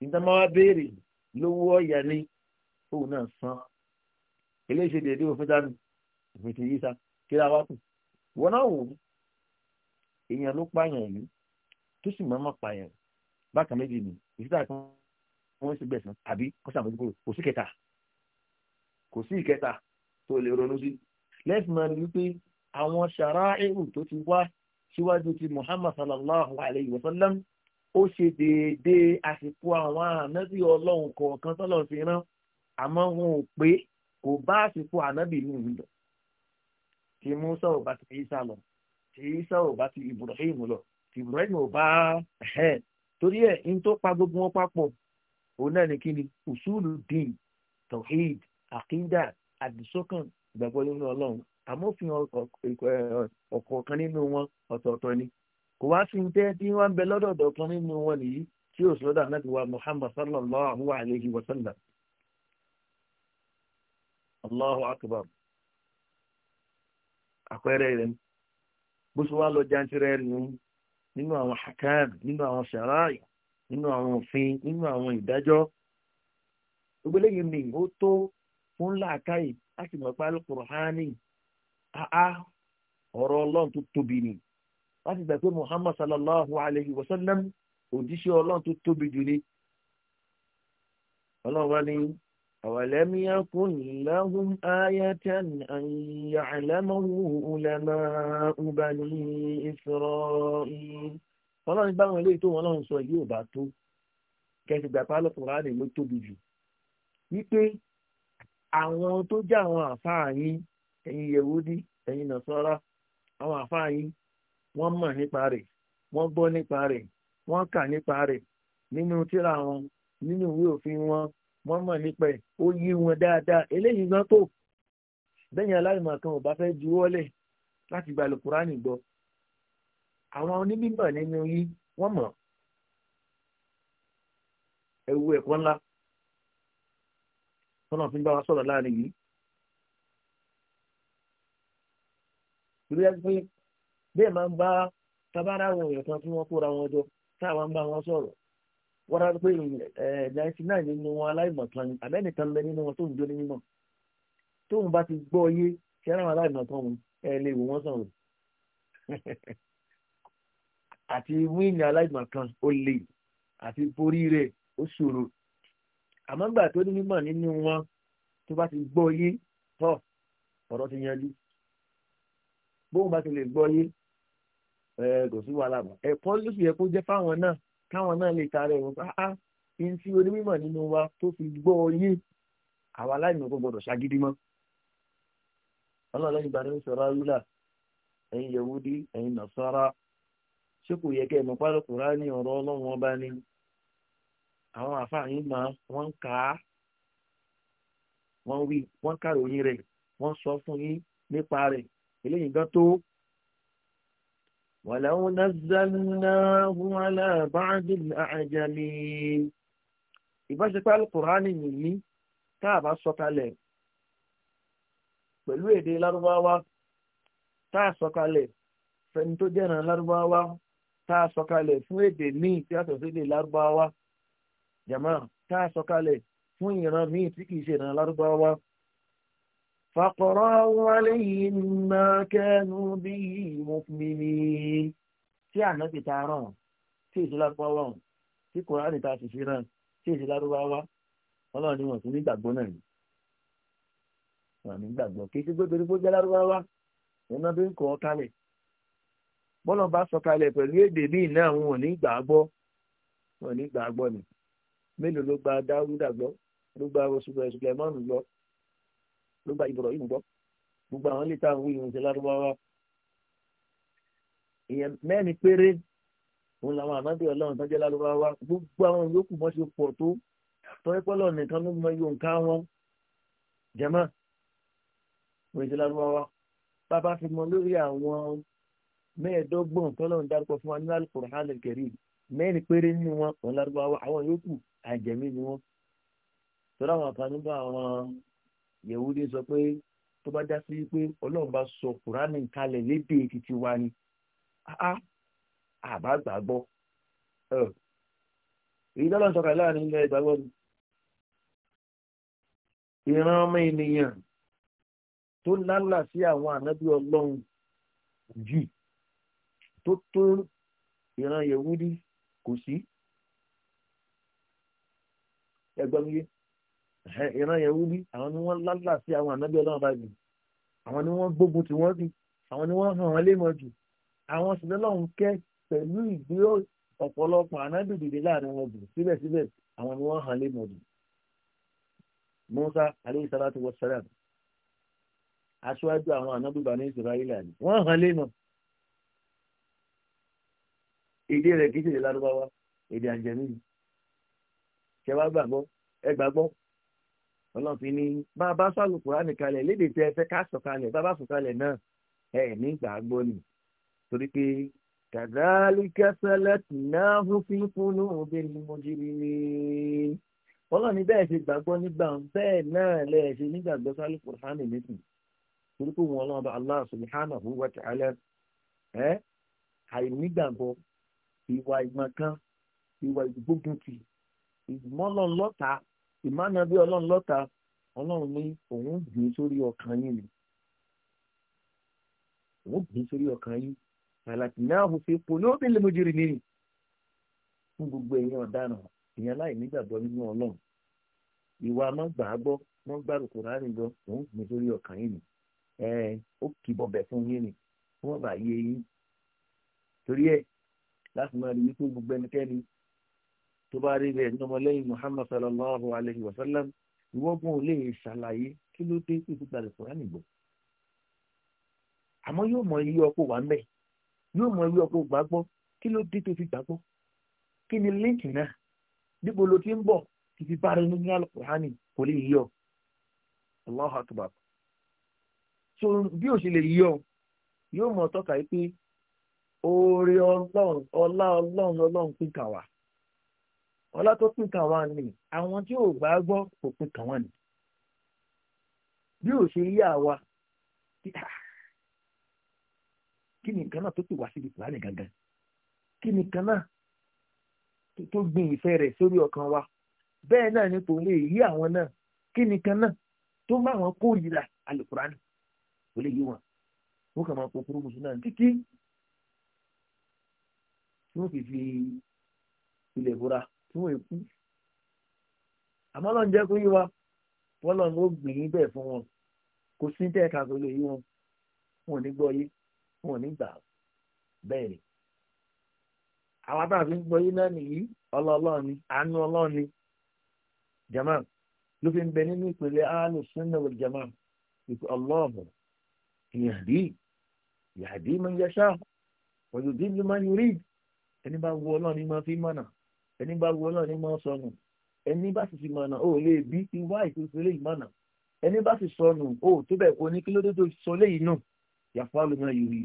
ìdámọ́ wa béèrè lówó ọ̀yà ni òun náà san eléyìí ṣe déédéé òfin dánù òfin ti yí sá kí la wá kù wọn náà wò ó èèyàn ló pààyàn yìí tó sì mọ́mọ́ pààyàn bákan méjì ni ìsítà kan wọ́n sì gbẹ̀sán àbí kó sàmójú kúrò kò sí kẹta kò sí ìkẹta tó lè ronú sí lẹ́sìn máa ní wípé àwọn ṣàrá èrò tó ti wá síwájú ti Muhammad sallallahu alayhi wa sallam ó ṣe déédéé àsìkò àwọn ànábì ọlọ́run kọ̀ọ̀kan tọ́lọ̀ sí rán àmọ́ wọn ò pé kò bá àsìkò ànábì ní ìlú lọ tí musa ò bá ti isa lọ tí isa ò bá ti ibrahim lọ tí ibrahim ò bá ẹ torí ẹ n tó pa gbogbo wọn papọ̀ òun náà ní kí ni usulu din tawhid akida àdìsọ́kàn ìgbàgbọ́ nínú ọlọ́run àmófin ọ̀kọ̀ọ̀kan nínú wọn ọ̀tọ̀ọ̀tọ̀ ni kò wá sí tẹ́ tí wọ́n ń bẹ lọ́dọ̀ọ̀dọ̀ kan nínú wọn nìyí tí ò sọ́dọ̀ náà ti muhammad sallallahu alayhi wa sallam. allahu akbar àpẹẹrẹ rẹ̀ ni bó ṣe wá lọ jantirẹ nù nínú àwọn hakam nínú àwọn sharai nínú àwọn òfin nínú àwọn ìdájọ́ gbogbo eléyìí ni ó tó fún làákàyè láti mọ̀ pé alukur'ani àá ọ̀rọ̀ ọlọ́run tó tóbi ni láti gbà pé muhammad sallallahu alayhi wa sallam òjíṣẹ́ ọlọ́run tó tóbi jù ni ọlọ́run wá ní. أولم يكن لهم آية أن يعلمه علماء بني إسرائيل ọlọ́run bá wọn léètò wọn lọ́run sọ èyí ò bá tó kẹsì gbàpá lọ́kùnrin rẹ̀ ló tóbi jù wípé àwọn tó jẹ́ àwọn àfáà yín ẹ̀yin yẹ̀wúdí ẹ̀yin àwọn àfáà wọ́n mọ̀ nípa rẹ̀ wọ́n gbọ́ nípa rẹ̀ wọ́n kà nípa rẹ̀ nínú tírà wọn nínú ìwé òfin wọn wọ́n mọ̀ nípa ẹ̀ ó yí wọn dáadáa eléyìí gan tó bẹ́yìn aláìmọ̀ kan ò bá fẹ́ juwọ́lẹ̀ láti gba alukurani gbọ́ àwọn onímọ̀ nínú yìí wọ́n mọ̀ ẹ̀wù ẹ̀kọ́ ńlá tọ́nà fi bá wa sọ̀rọ̀ láàrin yìí. ìlú yẹn pé bẹ́ẹ̀ máa ń bá tabára àwọn èèyàn kan tí wọ́n kóra wọn jọ táwa ń bá wọn sọ̀rọ̀ wọ́n rárá pé eh, ninety nine nínú wọn aláìmọ̀tán ni àbẹ́nìkan lẹ nínú wọn tó ń jó ní mímọ̀ tóun bá ti gbọ́ yé ṣe ara wọn aláìmọ̀tán wọn ẹ lè wò wọ́n sọ̀rọ̀ àti wíìnì aláìmọ̀kan ó le àti borí rẹ̀ ó ṣòro àmọ́ gbà tó ní mímọ̀ nínú wọn tó bá ti gbọ́ yé tọ́ ọ̀rọ̀ ti yanjú bóun bá ti lè gbọ́ yé ẹ kò sí wàhálà mọ́ ẹ̀kọ́ ló sì yẹ kó jẹ́ fáwọn náà káwọn náà lè ta rẹ̀ wọ́n bá a ah, ah, n tí onímọ̀ nínú wa tó fi gbọ́ yé àwa aláìní kò gbọdọ̀ ṣagídí mọ́ ọlọ́ọ̀lẹ́yìn ìgbà ní sọ̀rọ̀ ayúlà ẹ̀yin yahudi ẹ̀yin nasara ṣé kò yẹ kẹ́ ẹ̀ mọ̀pá lọ́kùnrin á ní ọ̀rọ̀ ọlọ́run ọba ni àwọn àfààní máa wọ́n kà á wọ́n wí wọ́n kàròyìn rẹ̀ wọ́n sọ fún yín nípa rẹ̀ eléyìí gan tó ولو نزلناه على بعض الأعجمين ìbáṣepẹ́ alukùránì nìyí tá a bá sọ̀kalẹ̀ pẹ̀lú èdè lárúbáwá tá a sọ̀kalẹ̀ fẹni tó jẹ́ ìran lárúbáwá tá a sọ̀kalẹ̀ fún èdè míì tí a tọ̀sí èdè lárúbáwá jàmá tá a sọ̀kalẹ̀ fún ìran míì tí kìí ṣe ìran lárúbáwá فقرأوا عليهم ما كانوا به مؤمنين tí ànábì ta rán tí ìsìlápá wà tí kòránì ta sì fi rán tí ìsìlápá wá ọlọ́run ni wọ́n tún nígbàgbọ́ kí tí gbégbé tó jẹ́ iná bí ń kọ́ kalẹ̀ bọ́lọ̀ bá sọ kalẹ̀ pẹ̀lú èdè míì náà wọn ò ní gbàgbọ́ wọn ni mélòó ló gba dáwúdà gbọ́ ló gba oṣù kẹsùkẹ mọ́nù gbọ́ ló gba Ibrahim gbọ́ gbogbo àwọn ilé tá à ń wí ìrìnsẹ̀ lárúbáwá èèyàn mẹ́rin péré òun làwọn ànábì ọlọ́run tó jẹ́ lárúbáwá gbogbo àwọn yòókù mọ́ ṣe pọ̀ tó tọ́yẹ́pọ́lọ́ nìkan ló mọ yóò ń ká wọn jẹ́mọ́ ìrìnsẹ̀ lárúbáwá bàbá fi mọ lórí àwọn mẹ́ẹ̀ẹ́dọ́gbọ̀n tọ́lọ́run dárúkọ fún wa ní Al-Qur'an Al-Karim péré nínú wọn òun lárúbáwá àwọn yòókù àjẹmí ni wọn tọ́lá àwọn àǹfààní bá àwọn yẹ̀wúdí sọ pé tó bá já sí pé ọlọ́run bá sọ kùránì kalẹ̀ lédè títí wa ni àbá gbàgbọ́ èyí lọ́lọ́run sọ kalẹ̀ láàrin ilẹ̀ ìgbàgbọ́ ni ìran ọmọ ènìyàn tó lálà sí àwọn ànábí ọlọ́run jù tó tó ìran yẹ̀wúdí kò sí ẹgbẹ́ mi yé ìran yẹn wú bí àwọn ni wọ́n lálà sí àwọn ànábì ọlọ́run bá jù àwọn ni wọ́n gbógun tí wọ́n jù àwọn ni wọ́n hàn wọ́n lé mọ́ jù àwọn sì lọ́lọ́run kẹ́ pẹ̀lú ìgbé ọ̀pọ̀lọpọ̀ ànábì dìde láàrin wọn jù síbẹ̀síbẹ̀ àwọn ni wọ́n hàn lé mọ́ jù. Musa aleyhi salatu wa salam aṣáájú àwọn ànábì bani Israẹli àná wọ́n hàn lé mọ́. èdè rẹ̀ kìí ṣe lárúbáwá èdè àjẹmí ṣẹwàá gbàgbọ́ ẹ gbàgbọ́ ọlọ́fin ní bá a bá sọ̀rọ̀ kúránì kalẹ̀ léde tẹ ẹ fẹ́ ká sọ̀ kalẹ̀ bá a bá sọ̀ kalẹ̀ náà ẹ nígbà gbọ́ ni torí pé kàdálíkà sẹlẹ̀tì náà fún fífún lóhùn bí ni mo jí ni ọlọ́run ní bẹ́ẹ̀ ṣe gbàgbọ́ nígbà bẹ́ẹ̀ náà lẹ̀ ṣe nígbàgbọ́ sálù kúránì nìkan torí pé wọn ọlọ́run bá Allah subhanahu wa ta'ala ẹ àìnígbàgbọ́ ìwà ìmọ̀kan ìwà ìgbógunti ìmọ̀lọ́lọ́ta ìmánà bí ọlọ́run lọ́ta ọlọ́run ní òun gbìn sórí ọkàn yín ni òun gbìn sórí ọkàn yín àlàtì náà kò fi ó lóbi lè mojìrì nìyí fún gbogbo èèyàn ọ̀daràn èèyàn láì nígbàgbọ́ nínú ọlọ́run ìwà má gbà á gbọ́ wọ́n òun gbìn sórí ọkàn yín ni ó kì í bọ̀bẹ̀ fún yín ni tó bá rí rẹ̀ nọmọlẹ́yìn muhammad sallallahu alayhi wa sallam ìwọ́gbọ́n ò lè ṣàlàyé kí ló dé pé gbígbà lè kúránì gbọ́. àmọ́ yóò mọ iye ọkọ̀ wà mẹ́ yóò mọ iye ọkọ̀ gbàgbọ́ kí ló dé tó fi gbàgbọ́ kí ni líǹkì náà dípò ló ti ń bọ̀ kí fi bá rẹ nínú alukùránì kò lè yí ọ. akbar so bí o ṣe lè yí yóò mọ tọ́ka yìí pé oore ọlọ́run ọlá ọlọ́run ọlọ́run pín kà wá ọlá tó pín kan wá ní àwọn tí ò gbà gbọ́ kò pín kan wá ní. bí ò ṣe yá wa kí ni nǹkan náà tó pè wá síbi kùránì gangan kí ni nǹkan náà tó gbin ìfẹ́ rẹ̀ sórí ọkàn wa bẹ́ẹ̀ náà ni kò lè yí àwọn náà kí ni nǹkan náà tó má wọn kórìíra alukùránì kò lè yí wọn wọn kàn máa kó kúrú náà títí tí wọn fi fi ilẹ̀ búra fún èkú àmọ́ lọ́n jẹ́ kó yí wa bọ́lọ̀ ń gbìn ín bẹ́ẹ̀ fún wọn kò sí tẹ́ ká lè yí wọn wọn ò ní gbọ́ wọn ò ní gbà bẹ́ẹ̀ ni àwọn fi ń gbọ́ náà nìyí ọlọ́ọ̀lọ́ọ̀ ni àánú ọlọ́ọ̀ ni jama ló fi ń bẹ nínú ìpele jama ìpè ọlọ́ọ̀bù ẹni bá wọ ọlọ́ọ̀ ni ẹni bá wọ náà ni máa sọnù ẹni bá sì ti mọ̀nà ó lè bí ti wá ìtòsí eléyìí mọ̀nà ẹni bá sì sọnù ó tó bẹ̀ kó ní kí ló dé tó sọ léyìí náà yàfa lómi náà yòrì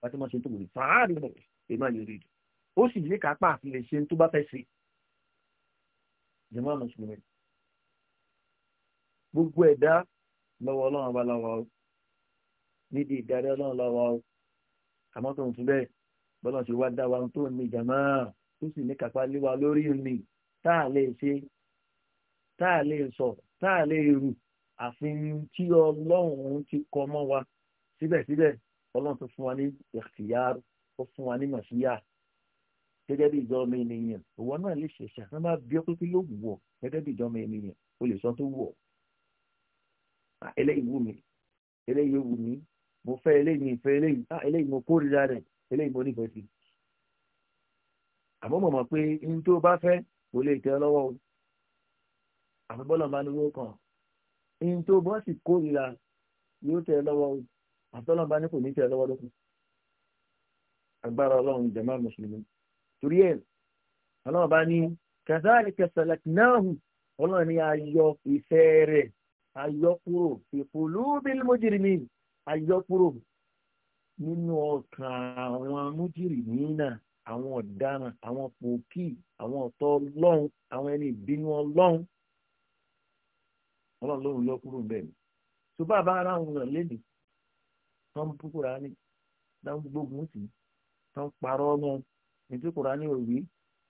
wá tí wọ́n ṣe tó wòlé fàárì náà lè má yòrì ó sì ní kápá àti ṣe tó bá fẹ́ ṣe jẹ́mọ́ mùsùlùmí gbogbo ẹ̀dá lọ́wọ́ ọlọ́run ọba lọ́wọ́ nídìí ìdarí ọlọ́run lọ́wọ́ àmọ́ tó ń tún bẹ́ẹ̀ bọ́lá ṣe wá dá wa tó ń ní jàmáà tó sì ní kápá lé lórí ni tá a lè ṣe tá a lè sọ tá a lè rù àfihàn tí ọlọ́run ti kọ mọ́ wa síbẹ̀síbẹ̀ ọlọ́run tó fún wa ní ìyàrá ó fún wa ní màsíyà gẹ́gẹ́ bí ìjọba ènìyàn òwò náà lè ṣẹ̀ṣẹ̀ àti máa bí ọkùnrin yóò wù ọ gẹ́gẹ́ bí ìjọba ènìyàn o lè sọ tó wù ọ. eléyìí wù mí eléyìí wù mí mo fẹ́ eléyìí mi fẹ́ eléyìí eléyìí mo kórìíra rẹ̀ eléyìí mo nífẹ̀ẹ́ sí i àmọ́ mọ̀ mọ̀ pé n tó bá fẹ́ kò lè tẹ́ lọ́wọ́ o àfẹ́bọ́lọ̀ máa ń lówó kàn n tó bọ́ sì kórìíra yóò tẹ́ lọ́wọ́ o àfẹ́bọ́lọ̀ máa ní kò ní tẹ́ lọ́wọ́ lókun agbára ọlọ́run jẹ̀má mùsùlùmí torí ẹ̀ ọlọ́run bá ní kàdáàlì kẹsàlàkìnáhù ọlọ́run ní ayọ ìfẹ́ rẹ̀ ayọ kúrò ìpolúbíl mujrimin ayọ kúrò nínú ọkàn àwọn mujrimin náà àwọn ọ̀daràn àwọn pòkì àwọn ọ̀tọ̀ ọlọ́run àwọn ẹni ìbínú ọlọ́run ọlọ́run lóhùn lọ kúrò bẹ́ẹ̀ ni tó bá bá ara wọn léde tán bú Kùránì tán gbógun sí tán parọ́ wọn ètò Kùránì ò wí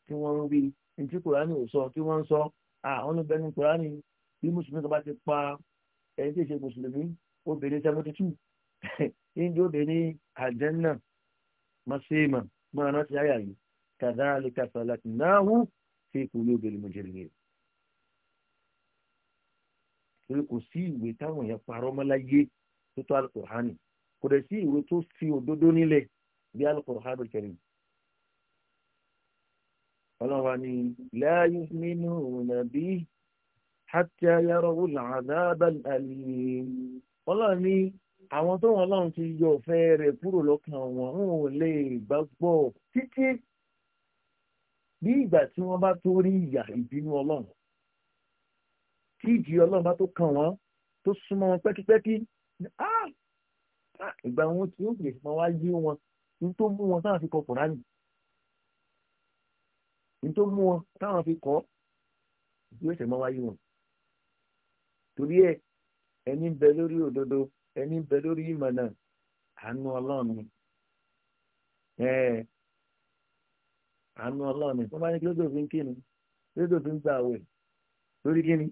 tí wọ́n ń wí ètò Kùránì ò sọ tí wọ́n ń sọ àwọn olùbẹ́ni Kùránì bí mùsùlùmí kan bá ti pa ẹni tí ì ṣe mùsùlùmí obìnrin seventy two ní obìnrin àjẹ́ náà mọ̀ sí mọ̀ máa rántí àyà yìí kadhalika salatnahu fi qulubil mujrimin. torí kò sí ìwé táwọn èèyàn parọ́ mọ́láyé tó tó alukur'ani kò dẹ̀ sí ìwé tó fi òdodo nílẹ̀ bí alukur'ani karim ọlọ́wà ni láàyè nínú nàbí hàtí ayára wùlà àdáàbà àlè ọlọ́wà ni àwọn tó wọn lọ́run ti yọ ọ̀fẹ́ rẹ̀ kúrò lọ́kàn wọn ń ò lè gbàgbọ́ títí bí ìgbà tí wọ́n bá tó rí ìyà ìbínú ọlọ́run tí ìjì ọlọ́run bá tó kàn wọ́n tó súnmọ́ wọn pẹ́kípẹ́kí ìgbà wọn tí ó lè máa wá yé wọn ní tó mú wọn táwọn fi kọ kùránì ní tó mú wọn táwọn fi kọ yóò ṣẹ̀ máa wá yé wọn torí ẹ ẹni ń bẹ lórí òdodo ẹni bẹ lórí ìmọ̀ náà àánú ọlọ́run ni àánú ọlọ́run ni wọ́n bá ní kí lóòótọ́ fi ń kíni lóòótọ́ fi ń gbà wẹ̀ lórí kíni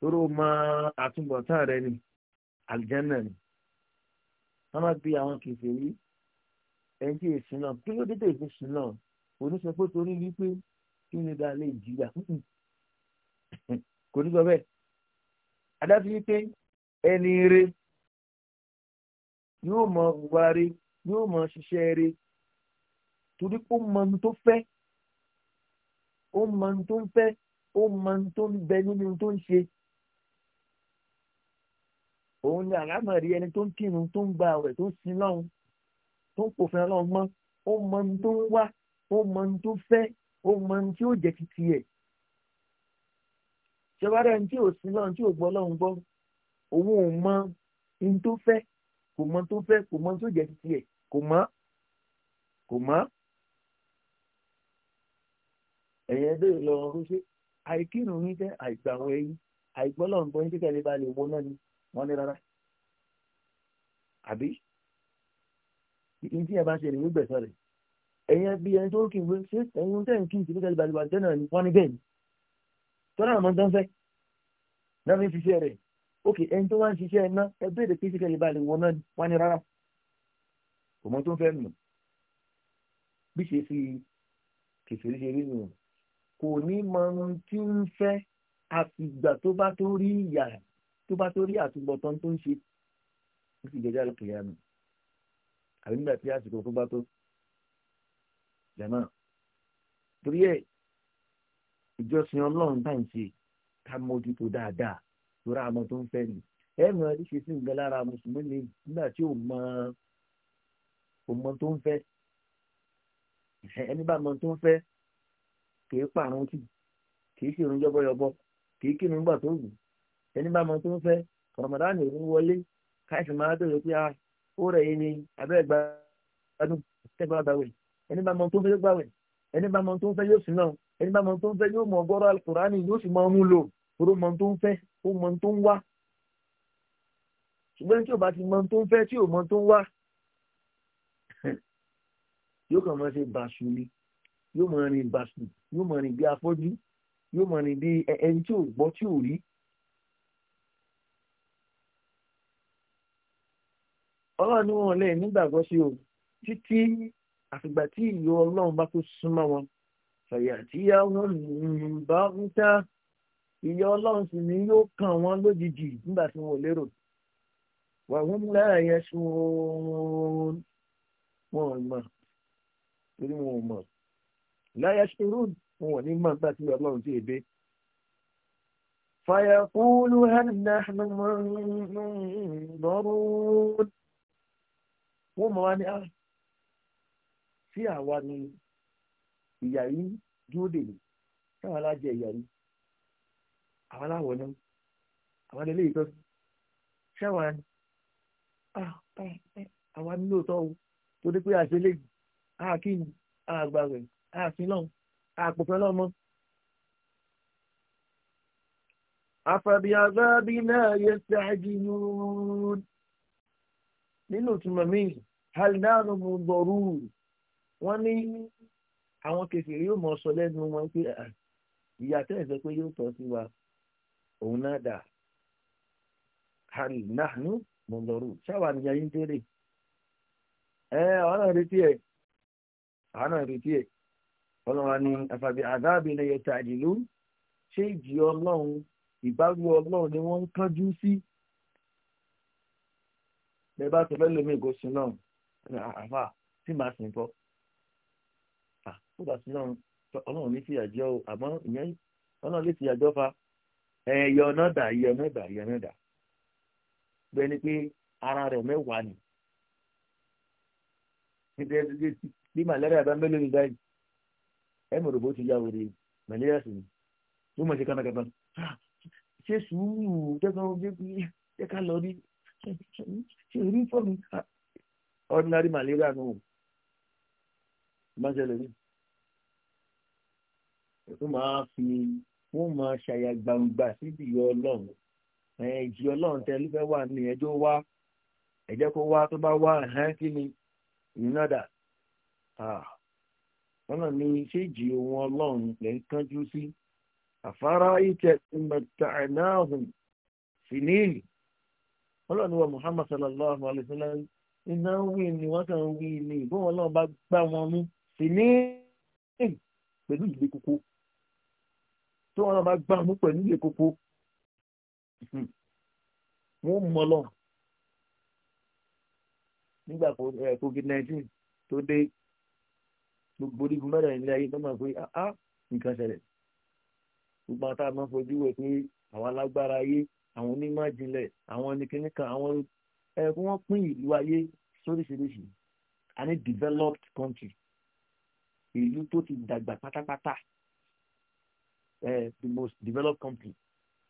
lórí o máa àtúbọ̀tán rẹ ni àlìjẹ́nà ni wọ́n máa bí àwọn kìfì yìí ẹni tí èsì náà kí ló dé tó èsì náà oníṣẹ́ torí wípé kí ni dáa lè jìyà kò ní sọ bẹ́ẹ̀ adájú wípé ẹni rẹ yóò mọ wà rẹ yóò mọ ṣiṣẹ́ rẹ torí ó mọ ohun tó fẹ́ ó mọ ohun tó ń fẹ́ ó mọ ohun tó ń bẹ nínú ohun tó ń ṣe òun ni àlámọ̀rí ẹni tó ń kírun tó ń gba àwẹ̀ tó ń sin lọ́hùn tó ń pòfin ọlọ́run mọ́ ó mọ ohun tó ń wá ó mọ ohun tó fẹ́ ó mọ ohun tí ó jẹ́ titi ẹ̀ ṣọwárẹ́ ohun tí ò sin lọ́hùn tí ò gbọ́ lọ́hùn gbọ́ owó ò mọ in tó fẹ́ kò mọ tó fẹ́ kò mọ tó jẹ títí ẹ̀ kò mọ kò mọ. ẹ̀yẹ bẹ́ẹ̀ lọ ọ̀rọ̀ ṣe àìkírun yín jẹ́ àìgbà àwọn ẹyin àìgbọ́lọ̀ nǹkan yín kíkẹ́ lè ba lè wo náà ni wọ́n ní rárá. àbí ìdí ẹ̀ bá ṣe lè ní gbẹ̀sán rẹ̀ ẹ̀yin bí ẹni tó kì í wé ṣé ẹ̀yin tẹ̀ ń kí ìṣẹ́ kíkẹ́ lè ba lè wà jẹ́ náà ni wọ́n ní bẹ́ẹ̀ ni tọ́lá àmọ́ tán fẹ́ náà fi ṣiṣẹ́ rẹ̀ ok ẹni tó wá ń ṣiṣẹ́ iná ẹ béèrè pé ṣíṣe lè balẹ̀ wọn náà wá ní rárá kò mọ tó ń fẹ́ nù bí ṣe fi kìfìrí ṣe rí nù kò ní mọ ohun tí ń fẹ́ àfìgbà tó bá tó rí ìyà tó bá tó rí àtúbọ̀tán tó ń ṣe ó sì jẹjẹrẹ kìyà nù àbí nígbà tí àsìkò tó bá tó jàmá torí ẹ ìjọsìn ọlọ́run bá ń ṣe ká mójútó dáadáa torí àmọ́ tó ń fẹ́ ni ẹ mọ ṣe sí nǹkan lára mùsùlùmí nígbà tí ò mọ ò mọ tó ń fẹ́ ẹni bá mọ tó ń fẹ́ kì í pààrùn tì kì í ṣèrún yọbọyọbọ kì í kírun nígbà tó wù ẹni bá mọ tó ń fẹ́ ramadan ìlú wọlé káìsì máa dọ̀rọ̀ pé ah, ó rẹ̀ yìí ni abẹ́ gbádùn tẹ́gbà gbàwẹ̀ ẹni bá mọ tó ń fẹ́ yóò ẹni bá mọ tó ń fẹ́ yóò sùn náà ẹni bá mọ tó ń fẹ́ yóò mọ gbọ́rọ̀ alukurani ó mọ tó ń wá ṣùgbọ́n tí o bá ti mọ tó ń fẹ́ tí o mọ tó ń wá yóò kàn máa ṣe bàṣù ni yóò máa rìn bàṣù yóò máa rìn bí afọ́jú yóò máa rìn bí ẹni tí ò gbọ́ tí ò rí. ọlọ́run ni wọ́n lè nígbàgbọ́ sí o títí àfìgbà tí ìyọ ọlọ́run bá tó súnmọ́ wọn fàyà tí yá wọn bá ń ta ìyà ọlọ́run sì ni yóò kàn wọ́n lójijì nígbà tí wọn ò lérò wàhún láàyè sùn wọn ò mọ̀ torí wọn ò mọ̀ láyé sùn wọn ò ní mọ̀ nígbà tí ọlọ́run ti èdè. فيقول هل نحن منظرون wọ́n mọ̀ wá ní àrùn ah, sí àwa ni ìyà yìí dúró dè ní alájẹ ìyà yìí àwọn aláwọ̀ náà àwọn adé léyìí tó ṣẹ́wà ni àwa nílò tọ́ o tó dé pé àṣẹ léyìí àákìní àgbàwẹ̀ àfihàn àpòpẹ́ lọ́mọ. àfàbíàgbábí náà yẹ ṣáájú nínú ìtumọ̀ míì halidanu bọ̀rù wọ́n ní àwọn kèfèrí yóò mọ̀ sọ lẹ́nu wọn pé ìyá tẹ́lẹ̀ pé yóò tọ́ sí wa òun náà dà hàlì nahnu mọ̀lọ́rù ṣáwà ni ayé ń tẹ́lẹ̀ ẹ àwọn náà retí ẹ àwọn náà retí ẹ ọlọ́run ni àfàbí àdáàbí ni yẹ tàdí ló ṣé ìjì ọlọ́run ìbáwí ọlọ́run ni wọ́n ń kánjú sí bẹ́ẹ̀ bá tó fẹ́ lómi ìgò sùn náà àfà tí màá sìn kọ́ ah, ọlọ́run ní fìyà àmọ́ ìyẹn ọlọ́run lè fìyà fa ẹyọ náà dà ẹyọ náà dà ẹyọ náà dà bẹ́ẹ̀ ni pé ara rẹ̀ mẹ́wàá ni bí malaria bá mẹ́lò ní báyìí ẹ mọ̀ rògbò ti yá wèrè malaria sì ni tó mọ̀ sí kánakátà ṣé sùúrù tẹ́kọ̀ọ́ jẹ́ ká lọ rí ṣe rí fọ́ọ̀mù ah, ordinary malaria nù máa ṣẹlẹ̀ ní. Ètò máa fi wọ́n máa ṣàyà gbangba síbi ìyọ ọlọ́run ìjì ọlọ́run tẹ ló fẹ́ wà ní ẹjọ́ wá ẹ̀jẹ̀ kó wá tó bá wá ẹ̀hán kí ni ìnádà lọ́nà ni ṣé ìjì ohun ọlọ́run lè ń kánjú sí àfárá ìtẹ̀ ìmọ̀tà náàhùn fìníìlì ọlọ́run ni wa Muhammad sallallahu alayhi wa sallam iná ń wí ni wọ́n kàn ń wí ni ìbọn ọlọ́run bá gbá wọn mú fìníìlì pẹ̀lú ìgbé kúkú tó wọn máa gbá mú pẹ̀lú ilé kókó hmm. wọn mọ lọ nígbà eh, covid nineteen tó dé gbogbo orígun mẹ́rin ilé ayé tó máa pé ah, ah nǹkan ṣẹlẹ̀ gbogbo àwọn tá a máa fojú wẹ̀ pé àwọn alágbára ayé àwọn onímọ̀ ìjìnlẹ̀ àwọn oníkíní kan àwọn ẹ̀kú eh, wọn pín ìlú ayé sóríṣiríṣi a ní developed country ìlú tó ti dàgbà pátápátá the most developed country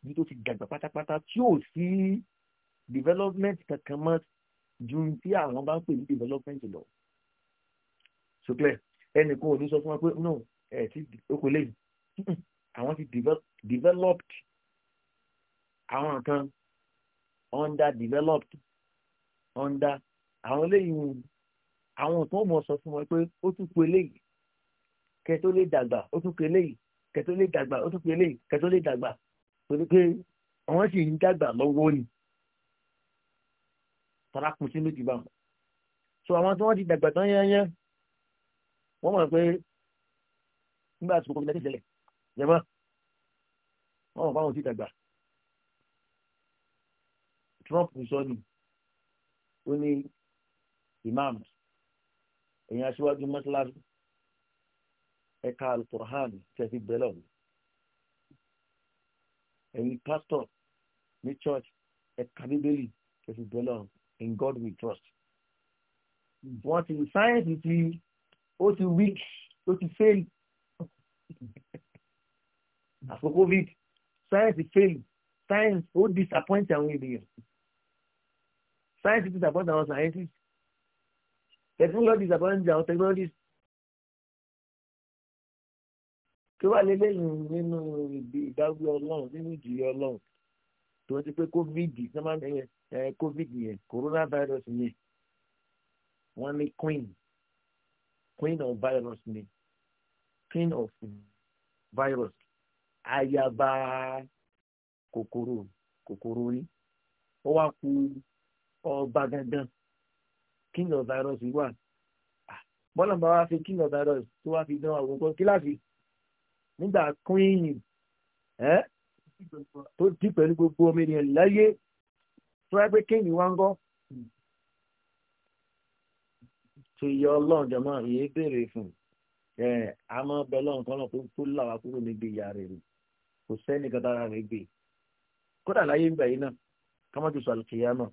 bí tó ti dàgbà pátápátá tí ò sí development kankan mọ́ ju tí àwọn bá ń pè ní development lọ. sókè ẹnìkan ò ní sọ fún wa pé no ẹ ti oko lẹ́yìn àwọn ti developed àwọn nǹkan under developed under àwọn eléyìí àwọn tó mọ̀ sọ fún wa pé ó tún pe eléyìí kẹ́ tó lè dàgbà ó tún pe eléyìí kẹtó lè dàgbà ó tún pe eléyìí kẹtó lè dàgbà torí pé àwọn sì ń dàgbà lọ́wọ́ ni tọ́lá kù sí méjì báwọn. so àwọn tí wọ́n ti dàgbà tán yányán wọ́n mọ̀ pé nígbà tí kòkòrò ti ṣẹlẹ̀ yẹ̀mọ́ wọ́n mọ̀ báwọn ti dàgbà. Trump sọ ni ó ní imams èèyàn aṣíwájú mọ́tíláṣí ẹ̀ka alukur'an tẹ̀sí belong. ẹ̀yin pastor, ní church ẹ̀ka bíbélì tẹ̀sí belong. in God we trust. wọ́n ti sáyẹ́ǹsì ti ó ti weak ó ti fail àpò covid sáyẹ́ǹsì fail sáyẹ́ǹsì ó disappoint àwọn ènìyàn sáyẹ́ǹsì disappoint àwọn scientists technology disappoint àwọn technologists. kí wàá lélẹ́yìn nínú ìdáwí ọlọ́run nínú ìjìyà ọlọ́run tó ti pé covid covid yẹn virus yẹn wọ́n ní queen queen of virus ni queen of virus ayaba kòkòrò kòkòrò rí ó wá ku ọba gangan king of virus wà ah, bọ́lá bá wá fi king of virus tó wá fi dán àwọn nǹkan kíláàsì. nígbà kún ìyìn ẹ́ tó dì pẹ̀lú gbogbo ọmọ ènìyàn láyé tó ẹgbẹ́ kéèyàn wá ń gọ́. tó yẹ ọlọ́run jọmọ èyí béèrè fún ẹ àmọ́ bẹ́lọ́ nǹkan náà tó láwa kúrò níbi ìyá rẹ̀ rè kò sẹ́ni kan dára rẹ̀ gbé kódà láyé ń yìí náà sọ náà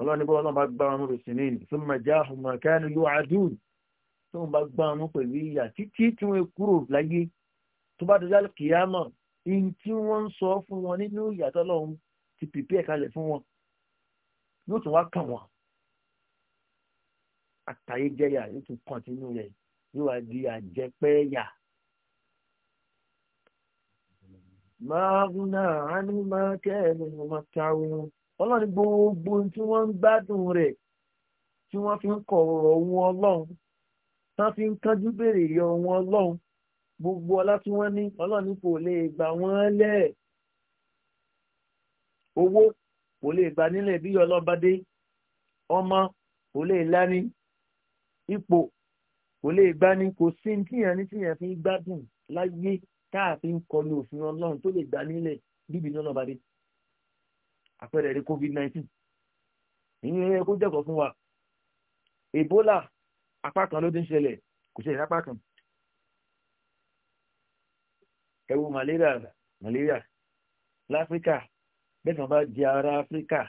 ọlọ́run ní bọ́ ọlọ́run bá gbá wọn mú sí ní yóò tí wọ́n bá gbá wọn pẹ̀lú ìyà títí tí wọ́n kúrò láyé tó bá dọjá kìámọ̀ ihun tí wọ́n ń sọ fún wọn nínú ìyàtọ̀ lọ́hún ti pèpè kalẹ̀ fún wọn yóò tún wá kàn wọ́n àtàyé jẹyà yóò tún kọ́ntínú rẹ̀ yóò wá di àjẹpẹ́yà. Màáhùnà ànímọ́ kẹ́ẹ̀lì ọmọ táwọn ọlọ́run gbogbo tí wọ́n ń gbádùn rẹ̀ tí wọ́n fi ń kọ̀ ọ̀rọ̀ ohun ọlọ́run tán fi ń kánjú béèrè yọ wọn ọlọ́run gbogbo ọlá tí wọ́n ní ọlọ́run kò lè gbà wọ́n lẹ̀ owó kò lè gbà nílẹ̀ bí ọlọ́badé ọmọ kò lè lání ipò kò lè gbani kò sí tíyàn ní tíyàn fi ń gbádùn láyé káàfin kọlu òfin ọlọ́run tó lè gbà nílẹ̀ bíbí ní ọlọ́badé àpẹẹrẹ rí covid nineteen ìyẹn ẹ̀kọ́ jẹ́kọ̀ọ́ fún wa ebola apá kan ló ti ń ṣẹlẹ̀ kò ṣe ìrápá kan ẹ wo malaria malaria láfíríkà bẹ́ẹ̀ kan bá di ara áfíríkà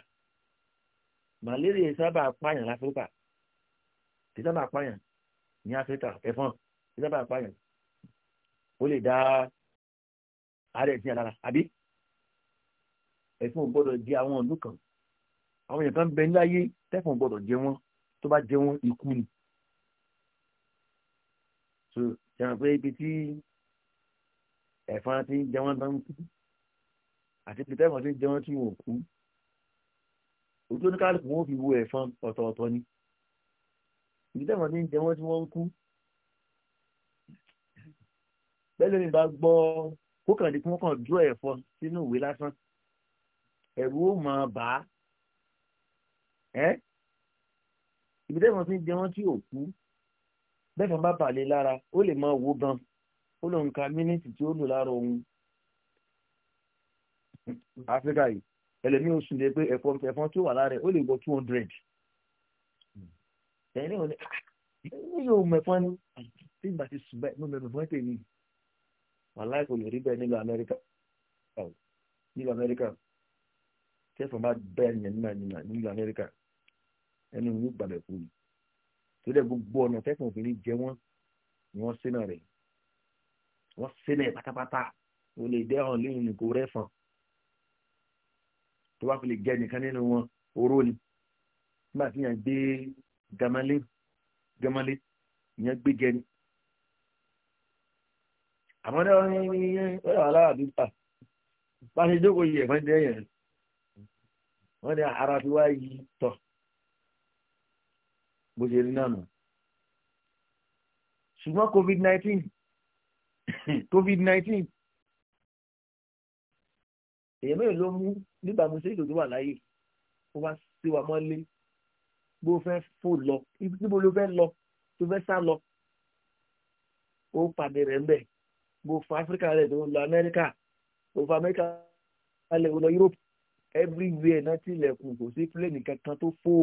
malaria sábà pààyàn láfíríkà kì sábà pààyàn ní áfíríkà ẹ̀fọn kì sábà pààyàn ó lè dá àárẹ̀ sí ara àbí ẹ̀fọn ò gbọ́dọ̀ di àwọn ìlú kan àwọn èèyàn kan bẹ ní ayé gbọ́dọ̀ jẹ wọ́n tó bá jẹ wọ́n ikú ni so jẹun pé ibi tí ẹ̀fọn ti ń jẹun tán kú àti ibi tẹ́fọn ti ń jẹun tí wọn kú ojú oníkálukú wọn fi wo ẹ̀fọn ọ̀tọ̀ọ̀tọ̀ ni ibi tẹ́fọn ti ń jẹun tí wọ́n kú bẹ́ẹ̀ ni bá gbọ́ kókàndé kí wọ́n kàn dúró ẹ̀fọn sínú ìwé lásán ẹ̀rù ó máa bà á ibi tẹ́fọn ti ń jẹun tí ò kú bẹ́ẹ̀ kan bá bàlẹ̀ lára ó lè máa wò gan ó lóun ka mínítì tí ó lò lára òun áfíríkà yìí ẹlẹ́mi oṣù lè pé ẹ̀fọn ẹ̀fọn tí ó wà lára ẹ̀ ó lè wọ two hundred ẹ̀yin ní òní ah, ẹ̀yin yóò mẹ̀fọn ni tí ìgbà ti sùn bẹ́ẹ̀ ló mẹ̀fọn fún ẹ̀tẹ̀ yìí wàhálà kò lè rí bẹ́ẹ̀ nílò amẹ́ríkà nílò amẹ́ríkà tí ẹ̀fọn bá bẹ́ẹ̀ nílò amẹ́ríkà ẹni yóò gbàgbẹ́ fún mi tó dẹ̀ gbogbo ọ̀nà tẹ́kùn òfin jẹ wọ́n ni wọ́n sínà rẹ̀ wọ́n sínà ẹ̀ pátápátá o lè dẹ́ hàn lẹ́yìn nìkó rẹ̀ tó bá fi lè jẹ nìkan nínú wọn oró ni nígbà tí yàn gbé gamalé gamalé yàn gbé jẹ ni àmọ́ ní wọ́n ní ọ̀rọ̀ aláàbíkà bá ṣe jókòó yìí ẹ̀fọn jẹ́ yẹn wọ́n ní ara tí wá yìí tọ̀ bó ṣe rí náà nù ṣùgbọ́n covid nineteen covid nineteen èèyàn mẹ́rin ló mú níbàámu sí ìdòdó wà láyé ó wá sí wa mọ́lé bó fẹ́ fò lọ níbo ló fẹ́ lọ tó fẹ́ sá lọ ó pàdé rẹ̀ ńbẹ̀ bó fọ áfíríkà rẹ̀ tó lọ amẹ́ríkà bó fọ amẹ́ríkà rẹ̀ tó lọ yúróòpù everywhere náà tilẹ̀kùn kò sí pílẹ̀nì kankan tó fò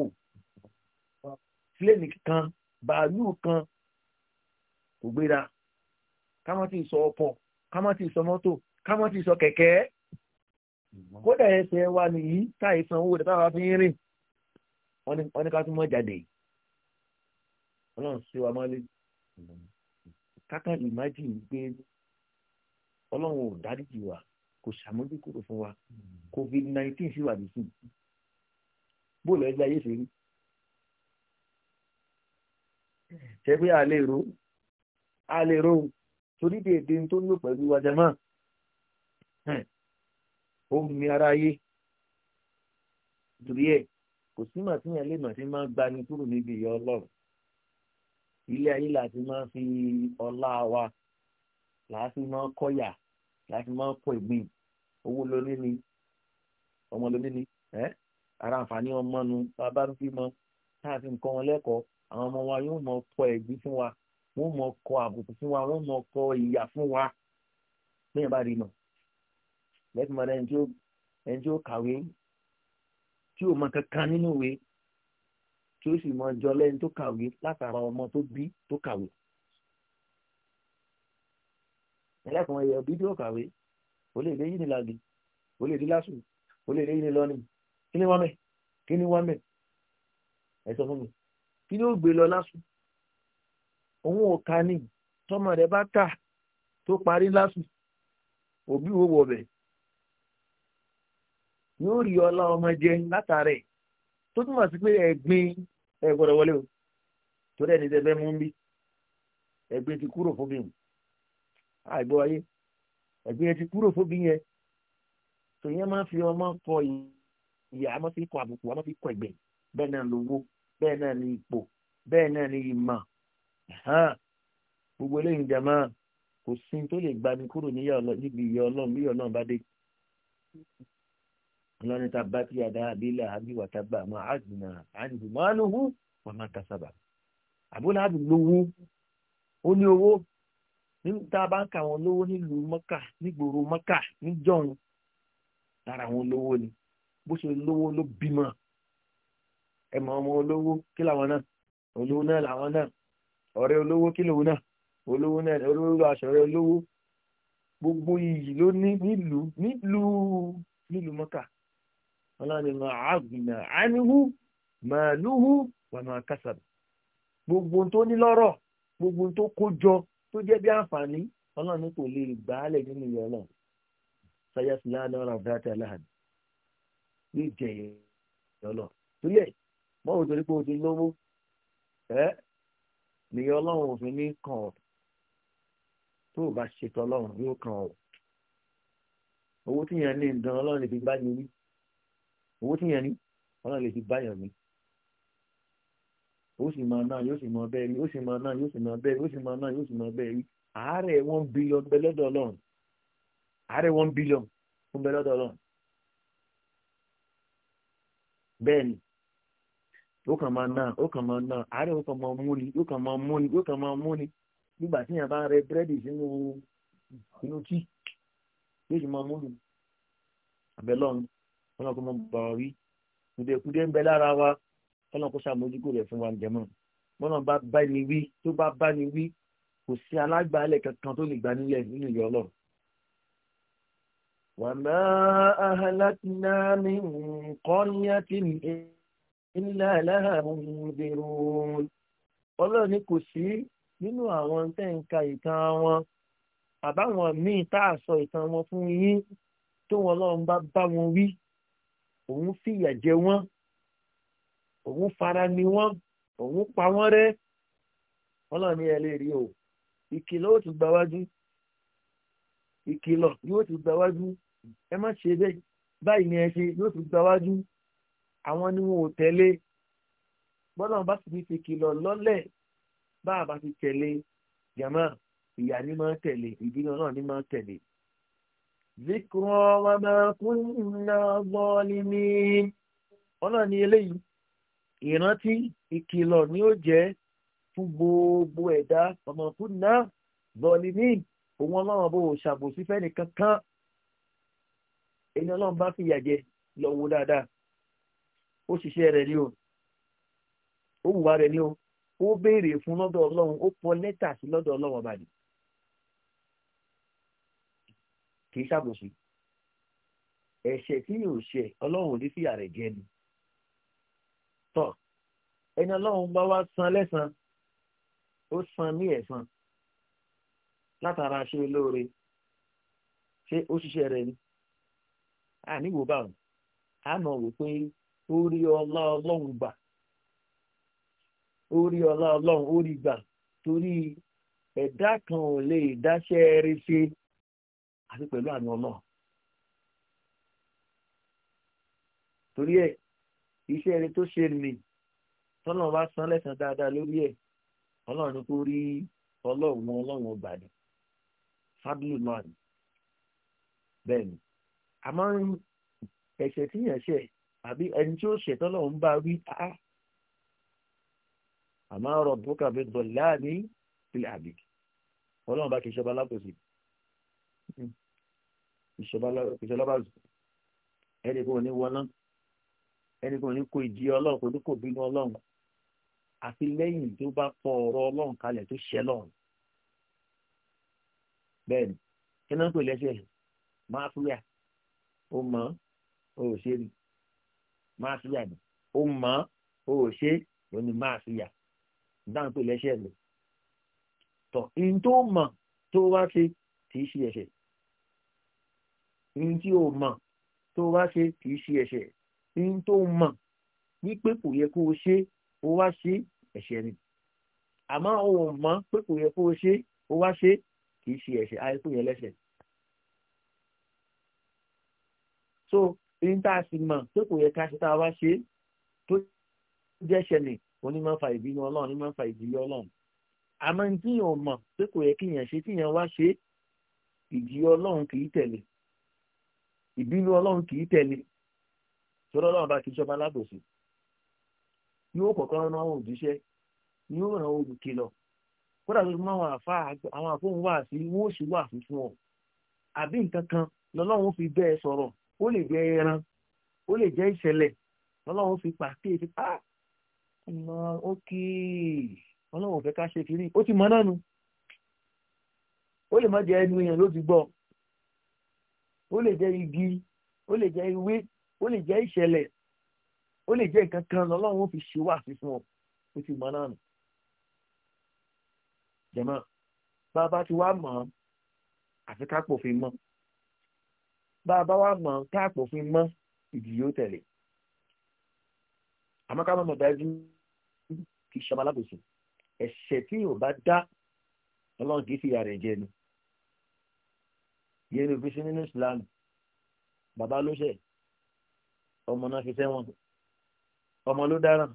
pílẹ̀nì kan bàálù kan kò gbéra ká má ti sọ ọkọ̀ ká má ti sọ mọ́tò ká má ti sọ kẹ̀kẹ́ kódà ẹsẹ̀ wa nìyí táì san owó rẹ̀ táwa fi ń rìn wọ́n ní ká tún mọ́ jáde ọlọ́run sí wa mọ́lé kákan ìmájì gbé ọlọ́run ò dáríjì wa kò ṣàmójúkúrò fún wa hmm. covid nineteen sì wà nísìnyí bóòlù ẹgbẹ́ ayé ṣe rí ṣe pé a lè rò a lè rò torí dèédé tó ń lò pẹ̀lú wájàmá ó ni ara yé torí ẹ kò sí màá tíyàn lè màá tí máa gbani kúrò níbi ìyá ọlọ́run ilé ayé láti máa fi ọlá wa láti máa kọ́yà láti máa kọ́ ìgbín owó lóní ni ọmọ lóní ni ẹ ara àǹfààní ọmọ nu bàbá ń bímọ táà fi nǹkan wọn lẹ́kọ̀ọ́ àwọn ọmọ wa yóò mọ kọ ẹ̀gbin fún wa wọ́n mọ kọ àbùkù fún wa wọ́n mọ kọ ìyà fún wa bẹ́ẹ̀ bá rí nà lẹ́tùn mọ́ra ẹni tí ó ẹni tí ó kàwé tí ò mọ kankan nínú ìwé tí ó sì mọ jọ lẹ́ni tó kàwé látara ọmọ tó bí tó kàwé. ẹlẹ́kùn ẹ̀yẹ bí tí ó kàwé ó lè dé yìí ní làgì lè dé lásù ó lè dé yìí ní kí ni wọ́n mẹ́ kí ni wọ́n mẹ́ ẹ sọ fún mi kí ló gbé lọ lásù òun ò ka ní tọmọ rẹ bá kà tó parí lásù òbí wo wọbẹ yóò rí ọlá ọmọ jẹ látàrẹ tó túmọ̀ sí pé ẹ̀gbin ẹ gbọ́dọ̀ wọlé o torí ẹni tẹ fẹ́ mú bí ẹ̀gbin ti kúrò fún mi o àìgbọ́ ayé ẹ̀gbin ti kúrò fún mi yẹn tòun yẹn máa fi ọmọ kọ ìyá máa fi kọ àbùkù máa fi kọ ẹ̀gbẹ́ bẹ́ẹ̀ náà lówó bẹ́ẹ̀ náà ni ipò bẹ́ẹ̀ náà ni ìmọ̀ gbogbo eléyìí jama kò sí tó lè gbani kúrò níbi ìyá ọlọ́run bí ìyá ọlọ́run bá dé ọlọ́run ta bá ti yàda abilà abiwà tábà àmọ́ àdùnnà àdùnnà máa ló hu wọ́n máa kásábà àbúrò àdùn lówó ó ní owó tá a bá ń kà wọn lówó nílùú mọ́kà nígboro mọ́kà níjọ́run lára àwọn ni bó ṣe lówó ló bímọ ẹ mọ ọmọ olówó kí làwọn náà olówó náà làwọn náà ọ̀rẹ́ olówó kí lòun náà olówó náà olówó aṣọ rẹ olówó gbogbo iyì ló ní nílùú nílùú nílùú mọ́kà ọlọ́ni ma àgbìnà ánihu màálùú wà máa kásàbù gbogbo tó ní lọ́rọ̀ gbogbo tó kó jọ tó jẹ́ bí àǹfààní ọlọ́ni kò lè gbàálẹ̀ nínú ìyá náà sayasi lánàá rà bàtà ní ìjẹyẹ ọlọ sílẹ̀ mọ́wò torí pé o ti lówó ẹ́ nìyẹn ọlọ́run ò fi ní kàn ọ́ tó o bá ṣètò ọlọ́run yóò kàn ọ́ owó tíyẹn ní ìdán ọlọ́run lè fi bá yẹn ní owó tíyẹn ní ọlọ́run lè fi bá yẹn ní ó sì máa náà yóò sì máa bẹ́ẹ̀ rí ó sì máa náà yóò sì máa bẹ́ẹ̀ rí ó sì máa náà yóò sì máa bẹ́ẹ̀ rí àárẹ̀ one billion bẹ lọ́dọ̀ ọlọ́run àárẹ̀ one billion fún bẹ lọ́dọ̀ ọlọ́run bẹ́ẹ̀ ni ó kàn máa ná ó kàn máa ná àárẹ̀ ó kàn máa mú ni kàn máa mú ni kàn máa mú nígbà tí yàn rẹ búrẹ́dì sínú inú tí yóò sì máa mú ni ọlọ́run kò mọ bàbá wa wí kùdẹ̀kùdẹ ń bẹ lára wa ọlọ́run kò ṣàmójúkò rẹ̀ fún wa ń jẹmọ́ bọ́lọ́run bá bá ni wí tó bá bá ni wí kò sí alágbàálẹ̀ kankan tó lè gbà nílẹ̀ nínú ìyá ọlọ́run. wàmọ́ ahàlá ti náà ní nǹkan yẹn ńlá aláhà mọ̀nbẹ̀rù ọlọ́run ni kò sí nínú àwọn tẹ́ ń ka ìtàn wọn àbáwọn míì tá a sọ ìtàn wọn fún yín tó wọn lọ́run bá bá wọn wí òun fìyà jẹ wọ́n òun fara ni wọ́n òun pa wọ́n rẹ́ ọlọ́run ni ẹ lè rí o ìkìlọ̀ ó ti gba wájú ìkìlọ̀ yóò ti gba wájú ẹ má ṣe bẹ́ẹ̀ báyìí ni ẹ ṣe yóò ti gba wájú àwọn ni wọn ò tẹ̀lé bọ́lá wọn bá sì ní fi kìlọ̀ lọ́lẹ̀ bá a bá ti tẹ̀lé jama ìyá ni máa tẹ̀lé ìbínú náà ni máa tẹ̀lé. zikra wa ma kunna zalimin ọlọ́run ní eléyìí ìrántí ìkìlọ̀ ni ó jẹ́ fún gbogbo ẹ̀dá ọmọ kunna zalimin òun ọlọ́run bó ṣàbòsí fẹ́ni kankan èyí ọlọ́run bá fi jẹ lọ́wọ́ dáadáa. ó ṣiṣẹ́ rẹ̀ ni o ó wùwá rẹ̀ ni o ó béèrè fún lọ́dọ̀ ọlọ́run ó pọ lẹ́tà sí lọ́dọ̀ ọlọ́run ọba ni kì í ṣàbòsí ẹ̀ṣẹ̀ tí yóò ṣe ọlọ́run ò ní fìyà rẹ̀ jẹ ni tọ́ ẹni ọlọ́run bá wá san lẹ́san ó san ní ẹ̀san látara ṣe olóore ṣé ó ṣiṣẹ́ rẹ̀ ni àníwò báwọn àmọ́ wò pé orí ọla ọlọ́run gbà orí ọlá ọlọ́run orí gbà torí ẹ̀dá kan ò lè dáṣẹ́ rí ṣe àti pẹ̀lú àmì ọlọ́run torí ẹ̀ iṣẹ́ ẹni tó ṣe ní tọ́nà wá san lẹ́sàn dáadáa lórí ọlọ́run kò rí ọlọ́run ọlọ́run ọgbà ni fábílì náà ni àbí ẹni tí ó ṣètọ́ lọ́wọ́ ń bá wí á àmọ́ ọ̀rọ̀ bókà bí bọ̀lá ní ilẹ̀ àbí ọlọ́run bá kì í ṣọba lápòsí ìṣọba bá zù ẹni kò ní wọná ẹni kò ní kó ìdí ọlọ́run kò ní kò bínú ọlọ́run àfi lẹ́yìn tó bá fọ ọ̀rọ̀ ọlọ́run kalẹ̀ tó ṣẹ lọ́run bẹ́ẹ̀ kí náà ń pè lẹ́sẹ̀ máa fúyà ó mọ̀ ọ́ ò ṣe ni máa ṣíyà ni ó mọ̀ ó ò ṣe ó ní máa ṣíyà dáhùn pé lẹ́ṣẹ̀ lò tọ̀ in tó mọ̀ tó wá ṣe kì í ṣe ẹ̀ṣẹ̀ in tí ó mọ̀ tó wá ṣe kì í ṣe ẹ̀ṣẹ̀ in tó mọ̀ wípé kò yẹ kó o ṣe o wá ṣe ẹ̀ṣẹ̀ ni àmọ́ o mọ̀ pé kò yẹ kó o ṣe o wá ṣe kì í ṣe ẹ̀ṣẹ̀ àìkú yẹn lẹ́ṣẹ̀ so ní tá a sì mọ̀ pé kò yẹ ká ṣe tá a wá ṣe tó jẹ́ ṣẹlẹ̀ òní máa ń fa ìbínú ọlọ́run ní máa ń fa ìjìyà ọlọ́run àmọ́ ní tíyàn ò mọ̀ pé kò yẹ kíyàn ṣe tíyàn wá ṣe ìjìyà ọlọ́run kì í tẹ̀lé ìbínú ọlọ́run kì í tẹ̀lé tọ́lọ́ ọlọ́run bá kì í ṣọba alábòsí yóò kọ̀ọ̀kan rán àwọn òjíṣẹ́ yóò ràn olùkìlọ̀ kódà tó máa wọn àfa àwọn àfóhùn wà sí wọn ò sì wà fún fún ọ àbí nǹkan kan lọ́lọ́run fi bẹ́ẹ̀ sọ̀rọ̀ ó lè jẹ ẹran ó lè jẹ ìṣẹ̀lẹ̀ Ọlọ́run fi pàkíyèsí pa ọmọ ókè Ọlọ́run ò fẹ́ ká ṣe kiri ó ti mọ náà nu ó lè má jẹ ẹnu èèyàn ló ti gbọ́ ó lè jẹ igi ó lè jẹ ewé ó lè jẹ ìṣẹ̀lẹ̀ ó lè jẹ nǹkan kan lọ́lọ́run ó fi ṣe wá sí fún ọ ó ti mọ náà nù jẹmọ bàbá ti wá mọ àfi ká pòfin mọ bá a bá wà mọ̀ tá a pò fún mọ́ ìdí yóò tẹ̀lé àmọ́ ká má mọ̀ dájú kì í ṣọmọ alábòsùn ẹ̀ṣẹ̀ tí yóò bá dá ọlọ́run kì í fi ìyá rẹ̀ jẹ ni yẹn ló fi sí nínú Islam bàbá ló ṣẹ̀ ọmọ náà fi sẹ́wọ̀n ọmọ ló dáràn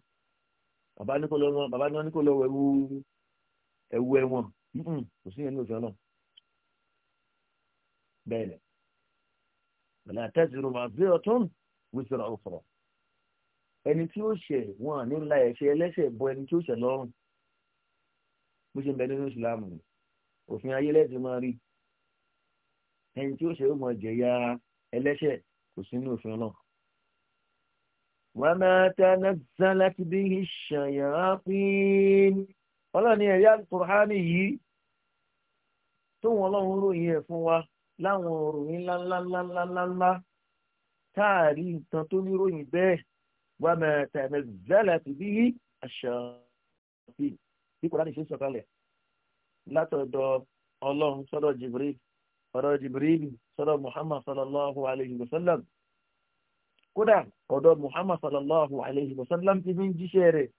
bàbá ní kò lọ bàbá ní kò lọ ẹ̀wù ẹ̀wù ẹ̀wọ̀n hmm, kò sí yẹn ní òfin ọlọ́run bẹ́ẹ̀ lẹ̀ ọ̀nà àtẹ́sìrò máa bí ọtún wíṣọ̀rọ̀ ọ̀fọ̀rọ̀ ẹni tí ó ṣẹ̀ wọn ní ńlá ẹ̀ṣẹ̀ ẹlẹ́ṣẹ̀ bọ ẹni tí ó ṣẹ̀ lọ́rùn bó ṣe ń bẹ nínú ìsìlámù òfin ayé lẹ́sìn máa rí ẹni tí ó ṣẹ̀ ó mọ jẹ̀yà ẹlẹ́ṣẹ̀ kò sí ní òfin náà. wọ́n máa tẹ́ná zán láti bí ìṣàyàn pín ọlọ́ni ẹ̀yà kùránì yìí tóun ọlọ́run ròyìn ẹ̀ fún wa láwọn òròyìn ńláńláńláńláńlá táàrí nǹkan tó níròyìn bẹ́ẹ̀ wà máa tẹ̀lé zẹ́lẹ̀ tì bí àṣà bíi bí kò láti ṣe sọ̀kalẹ̀ látọ̀dọ̀ ọlọ́run sọ́dọ̀ jibril ọ̀dọ̀ jibril sọ́dọ̀ muhammad sallallahu alayhi wa sallam kódà ọ̀dọ̀ muhammad sallallahu alayhi wa sallam ti fi ń jíṣẹ́ rẹ̀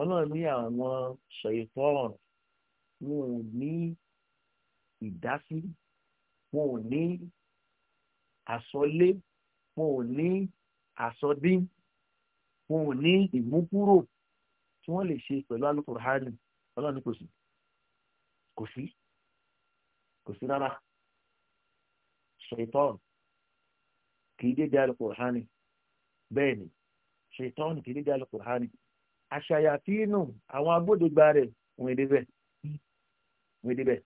ọlọ́run ní àwọn ṣèyí tọ́ọ̀rùn ní ìdásí wọn ò ní àsọlé wọn ò ní àsọdín wọn ò ní ìmúkúrò tí wọ́n lè ṣe pẹ̀lú alukurhani ọlọ́run ní kò sí kò sí kò sí rárá ṣètọ́n kì í dédé alukurhani bẹ́ẹ̀ ni ṣètọ́n kì í dédé alukurhani àṣàyàfínù àwọn abódegba rẹ̀ wọ́n èdè bẹ́ẹ̀ wọ́n èdè bẹ́ẹ̀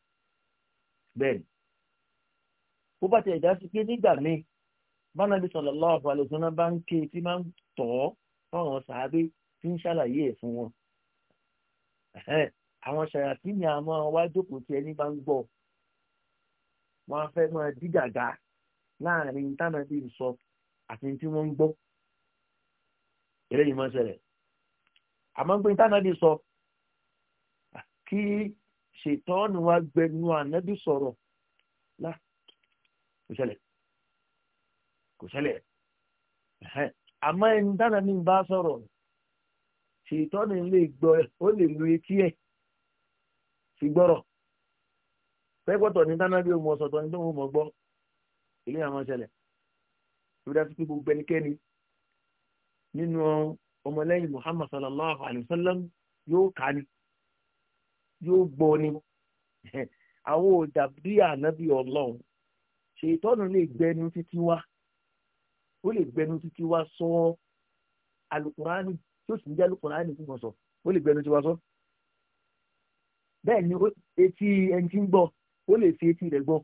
bẹ́ẹ̀ ni bó bá ti ẹ̀dá sí pé nígbà míì bánabi sallallahu alaihi wasallam bá ń ké tí máa ń tọ̀ ọ́ fáwọn sàábé tí ń ṣàlàyé ẹ̀ fún wọn. àwọn ṣàyàtì ni àwọn wá jókòó tí ẹni bá ń gbọ́ wọn á fẹ́ máa dígàgá láàrin tánàbí sọ àti tí wọ́n ń gbọ́. eléyìí máa ń ṣẹlẹ̀ àmọ́ pé tánàbí sọ kí ṣètọ́nù wa gbẹnu ànábì sọ̀rọ̀ kò ṣẹlẹ̀ kò ṣẹlẹ̀ àmọ́ ẹni dáná ní bá sọ̀rọ̀ ṣètọ́ni lè gbọ́ ó lè lu etí ẹ̀ fi gbọ́rọ̀ pẹ́pọ̀tọ̀ ní dáná bí o mọ̀ sọ̀tọ̀ ní tó mọ̀ gbọ́ ilé àwọn ṣẹlẹ̀ ló dá sí pé gbogbo ẹnikẹ́ni nínú ọmọlẹ́yìn Muhammad sallallahu alayhi wa sallam yóò kà ní yóò gbọ́ ni àwọn òdàbí ànábì ọlọ́run ṣètọ́nù lè gbẹnu títí wá ó lè gbẹnu títí wá sọ alukurani tí ó sì ń jẹ́ alukurani fún wọn sọ ó lè gbẹnu títí wá sọ. bẹ́ẹ̀ ni etí ẹni tí ń gbọ́ ó lè fi etí rẹ̀ gbọ́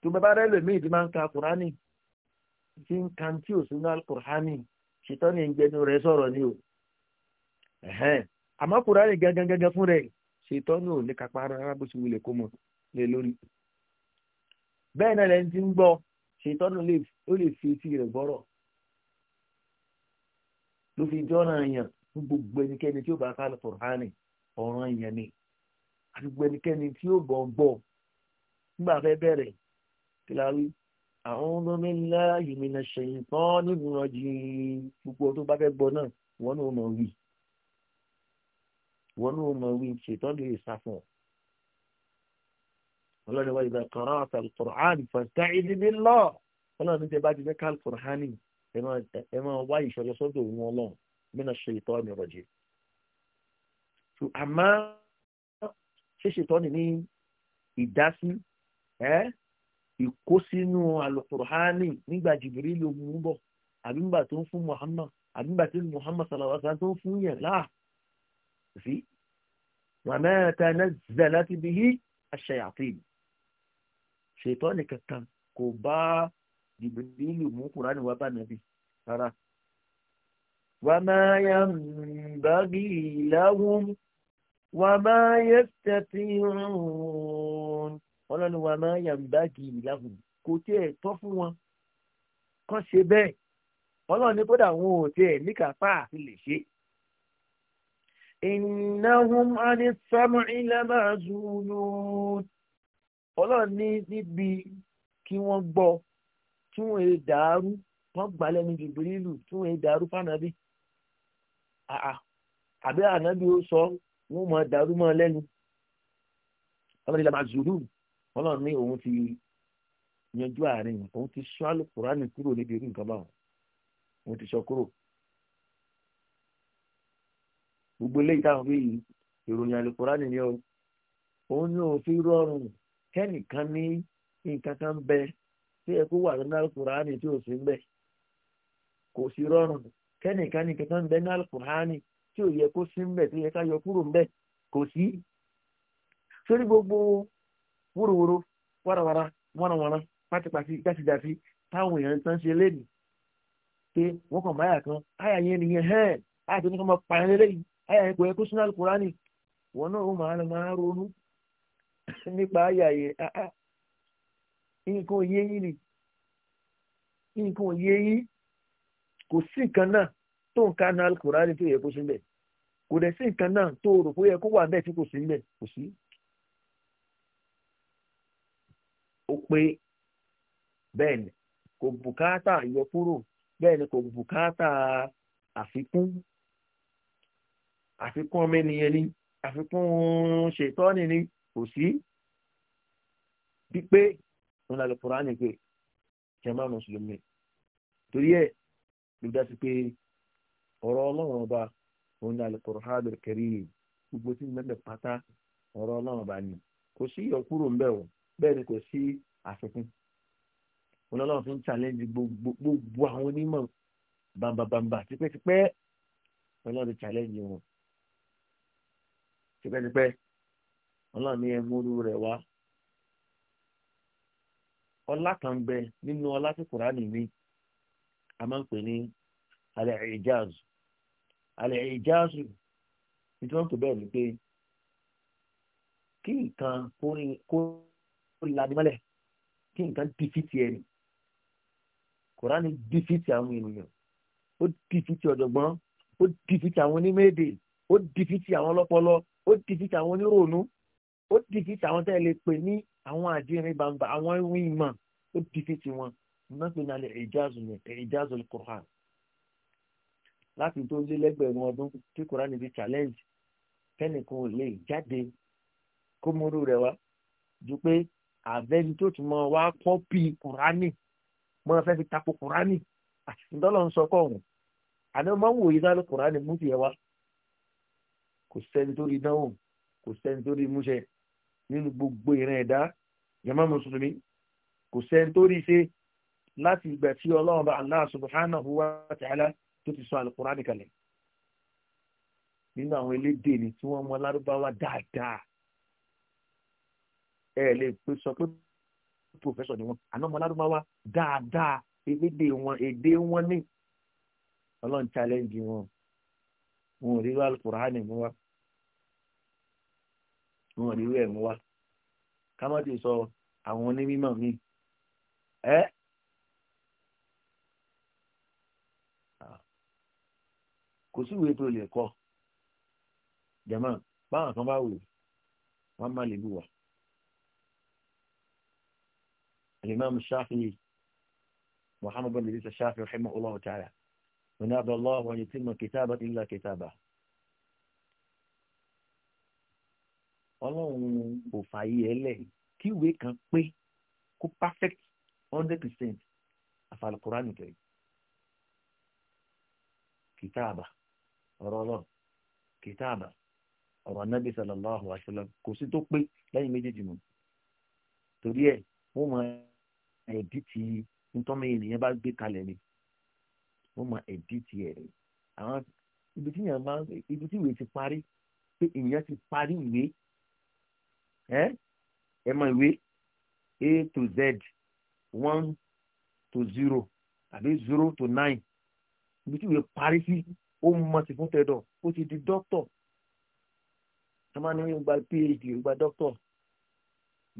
tó bá bá rẹ̀ lòmíì tí máa ń ka alukurani tí ń kan tí ò sí ní alukurani ṣètọ́nù ìgbẹnu rẹ̀ sọ̀rọ̀ ni o àmọ́ alukurani gangan gangan fún rẹ̀ ṣètọ́nù ò lè kápá rárá bó ṣe wulẹ̀ kó mọ̀ lórí bẹ́ẹ̀ náà lẹ́ni tí ń gbọ́ ṣètọ́nù ó lè fi etí rẹ̀ gbọ́rọ̀ ló fi jọ́nà yàn fún gbogbo ẹnikẹ́ni tí ó bá kálọ̀ kùránì ọ̀ràn yẹn ni àti gbogbo ẹnikẹ́ni tí ó bọ̀ ń bọ̀ nígbà fẹ́ bẹ̀rẹ̀ kí la rí a'udhu billahi minash shaytanir rajim gbogbo tó bá fẹ́ gbọ́ náà wọ́n ní mọ̀ wí wọ́n ní mọ̀ wí ṣètọ́nù lè sá fún ọ ọlọ́run wa ìgbà kan ráwọ̀ sàlù kùránì fàtà ìdíbí lọ ọlọ́run tẹ bá ti fẹ́ kàlù kùránì ẹ máa wá ìṣọ̀lọ́ sọ́dọ̀ òun ọlọ́run mìíràn ṣe ìtọ́ àmì ọ̀rọ̀jì. àmọ́ ṣíṣe ìtọ́ni ní ìdásí ìkó sínú àlùkùránì nígbà jìbìrì ló mú bọ̀ àbí nígbà tó ń fún Muhammad àbí tí Muhammad sallallahu tó ń fún yẹn láà sí. wa ma tanazzalati bihi ash-shayatin ṣètọ́nì kankan kò bá jìbìlì mú kúránì wá bá nàbì rárá. wa ma yanbaghi lahum wa ma yastati'un wọn lọ́nu wa ma yanbaghi lahum kò tiẹ̀ tọ́ fún wọn kàn ṣe bẹ́ẹ̀ ọlọ́run ní kódà ò tiẹ̀ níkàápá àti lè ṣe. innahum 'ani s-sam'i lama'zulun ọlọ́run ní níbi kí wọ́n gbọ́ tí wọ́n èé dàárú wọ́n gbà lẹ́nu jìbìrìlù tí wọ́n èé dàárú fànàbí àbí ànábì ó sọ wọ́n mọ̀ dàárú mọ́ lẹ́nu ọlọ́run ìlànà zulu ọlọ́run ní òun ti yanjú àárín òun ti sọ alukùránì kúrò níbi irú nǹkan báwọn òun ti sọ kúrò gbogbo eléyìí táwọn fi ìròyìn alukùránì ni ó òun ní òun fi rọrùn. kẹ́nìkan ní nǹkan kan bẹ tí ẹ kó wà nínú alukurani tí o sí ń bẹ kò sí rọrùn kẹ́nìkan ní nǹkan kan bẹ nínú alukurani tí o yẹ kó sí ń bẹ tí yẹ ká yọ kúrò ń bẹ kò sí sórí gbogbo wúrowúro táwọn èèyàn tán ṣe lénìí pé kàn kan yẹn nìyẹn tó ní máa pààyàn yẹn kò nípa àyàyè ah, ah. nǹkan òye yín ni nǹkan òye yín kò sí nǹkan náà tó ń ka náà Kùránì tó yẹ kó sí bẹ́ẹ̀ kò dẹ̀ sí nǹkan náà tó rò pé yẹ kó wà bẹ́ẹ̀ tí kò sí bẹ́ẹ̀ kò sí. ó pé bẹ́ẹ̀ ni kò bùkátà ìyọkúrò bẹ́ẹ̀ ni kò bùkátà àfikún àfikún ọmọ ènìyàn ni àfikún ṣètọ́ni ni kò sí pípé wọn lálẹ́ kúránì pé jàmá mùsùlùmí torí ẹ̀ ló dá sí pé ọ̀rọ̀ ọlọ́run ọba wọn lálẹ́ kúránì kẹrì gbogbo tí mẹ́mẹ́ pátá ọ̀rọ̀ ọlọ́run ọba ni kò sí ìyọkúrò ńbẹ̀ o bẹ́ẹ̀ ni kò sí àfikún wọn lọ́wọ́ fún challenge gbogbo àwọn onímọ̀ bàǹbàǹbà tipẹ́tipẹ́ wọn lọ́wọ́ wọn tipẹ́tipẹ́ ọlọ́run ní ẹmúrú rẹ̀ wá ọlá kan bẹ nínú ọlá tí kùránì mi a máa ń pè ní al-i'jaz al-i'jaz nítorí wọn pè bẹ́ẹ̀ ni pé kí nǹkan kó lanimọ́lẹ̀ kí nǹkan dìfìtì ẹni kùránì dìfìtì àwọn ènìyàn ó dìfìtì ọ̀jọ̀gbọ́n ó dìfìtì àwọn onímọ̀ èdè ó dìfìtì àwọn ọlọ́pọlọ ó dìfìtì àwọn oníròònú ó dìkìtì àwọn tẹ́ ẹ lè pè ní àwọn àdínrín bàǹbà àwọn ohun ìmọ̀ ó dìkìtì wọn mọ́pẹ́ náà lè ìjáàzù ní ìjáàzù kùrán láti tó lé lẹ́gbẹ̀rún ọdún tí kùrán níbi challenge kẹ́nìkan ò lè jáde kó múrú rẹ̀ wá ju pé àbẹ́ni tó tún mọ wá kọ́pì kùránì mọ́ fẹ́ fi tako kùránì ìdọ́lọ́ ń sọ kọ́ ọ̀hún àná máa ń wòye náà ló kùránì mú tiẹ̀ wá kò sẹ́ni tó rí náà kò sẹ́ni tó rí múṣẹ́ nínú gbogbo ìran ẹ̀dá jama mùsùlùmí kò sẹ́ni tó rí i ṣe láti ìgbà tí ọlọ́run bá Allah subhanahu wa ta'ala tó ti sọ alukurani kalẹ̀ nínú àwọn elédè ni tí wọ́n mọ lárúbáwá dáadáa ẹ lè pe sọ pé pòfẹ́sọ̀ ni wọ́n àná mọ lárúbáwá dáadáa elédè wọn èdè wọn ní ọlọ́run challenge wọn wọn ò rí alukurani mú wa wọn rí rẹ̀ mú wa ká má ti sọ àwọn onímọ̀ míì ẹ́ kò sí ìwé tó lè kọ jẹ̀mọ́ báwọn kan bá wò wọ́n má lè bù wá. الإمام الشافعي محمد بن إدريس الشافعي رحمه الله تعالى من أبى الله أن يتم كتابة إلا كتابه ọlọ́run kò fààyè ẹ lẹ̀ kí ìwé kan pé kó perfect hundred percent àfàlùkùrá nìkẹ́ kìtáàbà ọ̀rọ̀ ọlọ́run kìtáàbà ọ̀rọ̀ anábì sallallahu alaihi wasallam kò sí tó pé lẹ́yìn méjèèjì mọ́ torí ẹ̀ wọ́n mọ ẹ̀dí ti ntọ́mọ ènìyàn bá gbé kalẹ̀ ni wọ́n mọ ẹ̀dí ti ẹ̀ àwọn ibi tí ìwé ti parí pé ìyẹn ti parí ìwé ẹ mọ ìwé a to z one to zero àbí zero to nine ibi tí ìwé parí sí ó mọ sí fún tẹ̀dọ̀ ó ti di dókítọ̀ ẹ máa ní gba phd gba dókítọ̀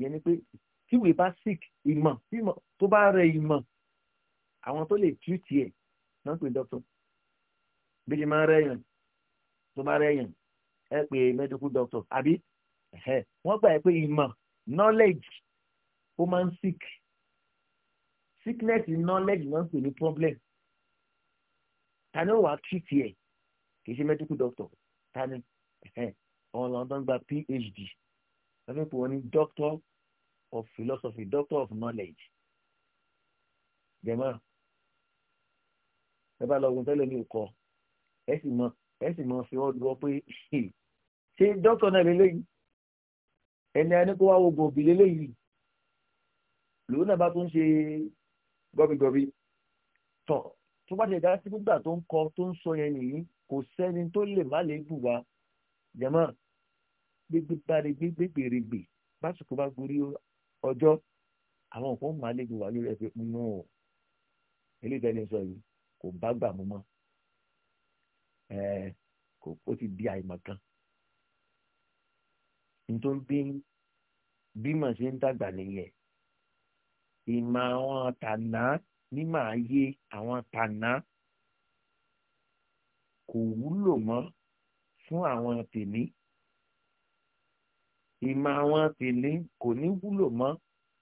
yẹn ni pé tí ìwé bá sick ìmọ̀ tó bá rẹ ìmọ̀ àwọn tó lè tú tiẹ̀ náà pè dókítọ̀ bí ṣe máa rẹ yàn tó bá rẹ yàn ẹ pè medical doctor àbí wọ́n gbà pé ìmọ̀ knowledge ó máa ń sick sickness knowledge máa ń pè ní problem ta ni ó wàá treat yẹ kì í ṣe medical doctor ta ni ọ̀hún lọ́dọ̀ ń gba phd lọ́dọ̀ pé wọ́n ní doctor of philosophy doctor of knowledge jẹ̀mọ́ ẹ bá lọ́gùn tẹ́lẹ̀ ní ìkọ́ ẹ sì mọ ẹ sì mọ fi ọ́ dúró pé ṣé doctor náà lélẹ́yìn ẹni a ní kó wá oògùn òbí lélẹ́yìí lòun náà bá tún ṣe gọ́bigọ́bi tán tó bá ṣe dá sí gbígbà tó ń kọ tó ń sọ yẹn nìyí kò sẹ́ni tó lè má lè bù wá jẹ̀mọ́ gbégbégbáre gbégbégbèrègbè básìkò bá gorí ọjọ́ àwọn nǹkan má lè bù wá lórí ẹgbẹ́ nínú o eléyìí tẹ́lẹ̀ sọ yìí kò bá gbà mú mọ́ ẹ̀ kò ó ti di àìmọ̀ kan nítorí bí bímọ ṣe ń dàgbà nìyẹn ìmọ̀ àwọn tànà ní màá yé àwọn tànà kò wúlò mọ́ fún àwọn tèmi ìmọ̀ àwọn tèmi kò ní wúlò mọ́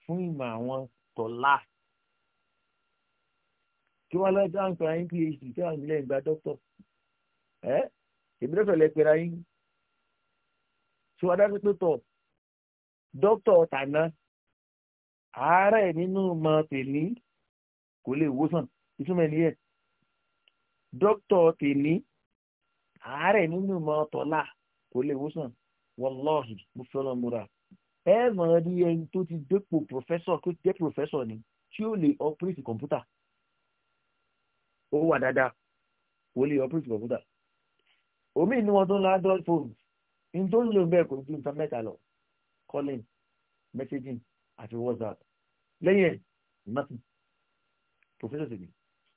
fún ìmọ̀ àwọn tọ̀la kí wọ́n lọ́jọ́ àǹfààní phd tí wọ́n ń lẹ́yìn gba dókítọ̀ ẹ́ èmi lọ́sọ̀lẹ́ pẹ̀lú ayé tí wọ́n dájú pé tọ̀ dókítà tàná àárẹ̀ nínú mọ tèmi kò lè wòsàn ìtumọ̀ ẹ̀ nìyẹn dókítà tèmi àárẹ̀ nínú mọ tọ́lá kò lè wòsàn wọlọ́ọ̀hì mo fẹ́ lọ múra ẹ mọ̀ ọ́ ẹni tó ti dépò pòfẹ́sọ̀ tó jẹ́ pòfẹ́sọ̀ ni tí ó lè ọpírìtì kọ̀ǹpútà ó wà dáadáa ó lè ọpírìtì kọ̀ǹpútà omi ni wọn tó ń la android phone In those ń lò bẹ́ẹ̀ kò ju nǹkan mẹ́ta lọ calling messaging àti whatsapp lẹ́yìn ẹ̀ nothing professor sì ni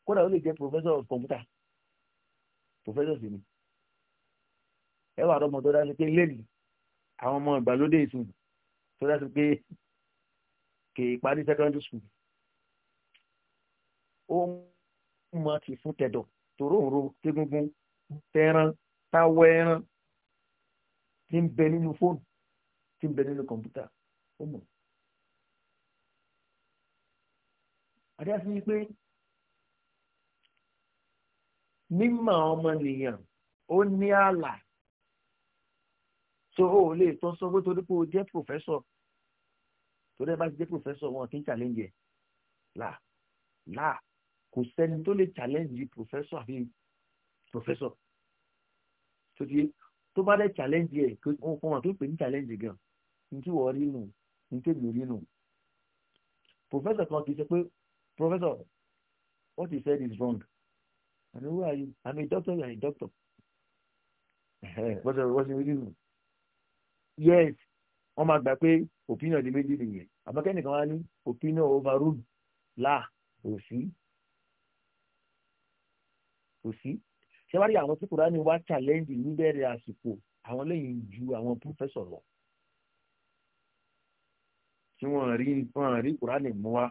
kódà ó lè jẹ́ professor of computer professor sì ni ẹ wà lọ́mọ tó dájú pé lẹ́nu àwọn ọmọ ìgbàlódé ìsìn tó dájú pé kì í parí secondary school ó mọ ti fún tẹ̀dọ̀ tòróòró tégúngún tẹran táwọ ẹran tí ń bẹ nínú fóònù tí ń bẹ nínú kọ̀ǹpútà ó mọ̀. àdé àti wípé mímọ̀ ọmọnìyàn ó ní ààlà tó o lè tọ́ sọ pé torí pé o jẹ́ pòfẹ́sọ̀ torí ẹ bá ti jẹ́ pòfẹ́sọ̀ wọn kì í challenge ẹ̀ là là kò sẹ́ni tó lè challenge pòfẹ́sọ̀ àfi pòfẹ́sọ̀ tó ti tó bá dẹ̀ challenge ẹ̀ fún wọn tó pè ní challenge gan ní tí wọ́n rí nù ní tèmi rí nù professor kan kì í sọ pé professor what you said is wrong and who are you i'm a doctor you are a doctor bọ́sẹ̀ wọ́n ṣe rí nù yes wọ́n máa gbà pé opinion di méjì nìyẹn àmọ́ kẹ́nìkan wá ní opinion overrule La. kò sí kò sí ṣé wá rí àwọn tí kùránì wá challenge níbẹ̀rẹ̀ àsìkò àwọn lẹ́yìn ju àwọn pòfẹ́sọ̀ lọ tí wọ́n rí wọ́n rí kùránì mú wá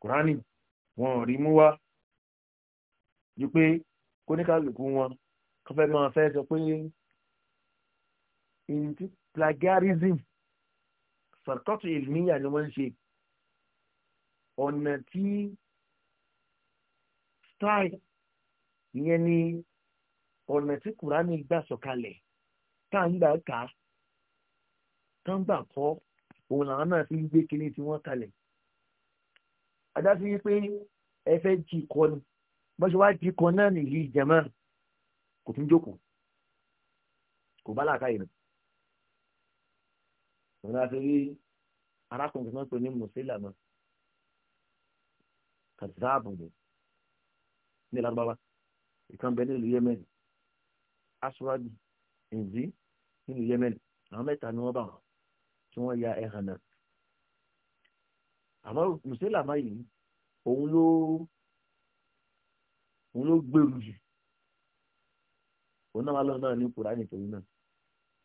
kùránì wọ́n rí mú wá ju pé kóníkàlùkù wọn kọ́ fẹ́ máa fẹ́ sọ pé ìntí plagiarism sàkọ́tù ìlmíyà ni wọ́n ń ṣe ọ̀nà tí style ìyẹn ni ọ̀nà tí kùránì gbà sọ̀kalẹ̀ tá à ń gbà kà á tá ń gbà kọ́ òun làwọn náà fi ń gbé kinní tí wọ́n kalẹ̀ adásí wípé ẹ fẹ́ jí kọ́ ni bó ṣe wá jí kọ́ náà nìyí ìjẹ̀mọ́ kò tún jókòó kò bá làákàyè rẹ̀ òun láti rí arákùnrin kan pè ní mùsílà náà kàtàbùnú ní Lárúbáwá ìkan bẹ nílùú Yemen aswad nzi nílùú Yemen àwọn mẹ́ta ni wọ́n bá wọn tí wọ́n ya ẹ̀hàn náà àmọ́ mùsùlùmá yìí òun ló òun ló gbèrú jù òun náà wà lọ́nà ní kùránì tòun náà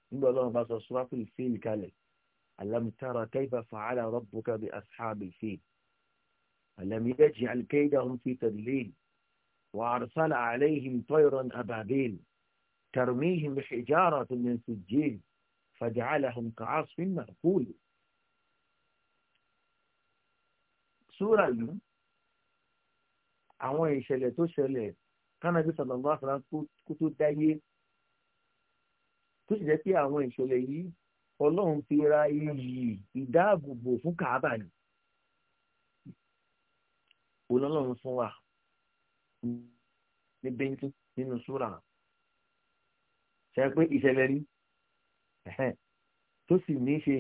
nígbà ọlọ́run bá sọ sùwáfì fèèlì kalẹ̀ alamtara kaifa fa'ala rabbuka bi ashabil fèèlì alam yaj'al kaydahum fi tadlil وأرسل عليهم طيرا أبابيل ترميهم بحجارة من سجيل فجعلهم كعصف مأكول súra yìí àwọn ìṣẹ̀lẹ̀ tó ṣẹlẹ̀ kánábí sàlọ́gbà fúnra kó tó dáyé tó sì jẹ́ pé àwọn ìṣẹ̀lẹ̀ yìí ọlọ́run fi ra iyì ìdáàbòbò fún kàábà ni òun ọlọ́run fún wa ní bẹ́ńtì nínú súra ṣe pé ìṣẹ̀lẹ̀ rí tó sì ní í ṣe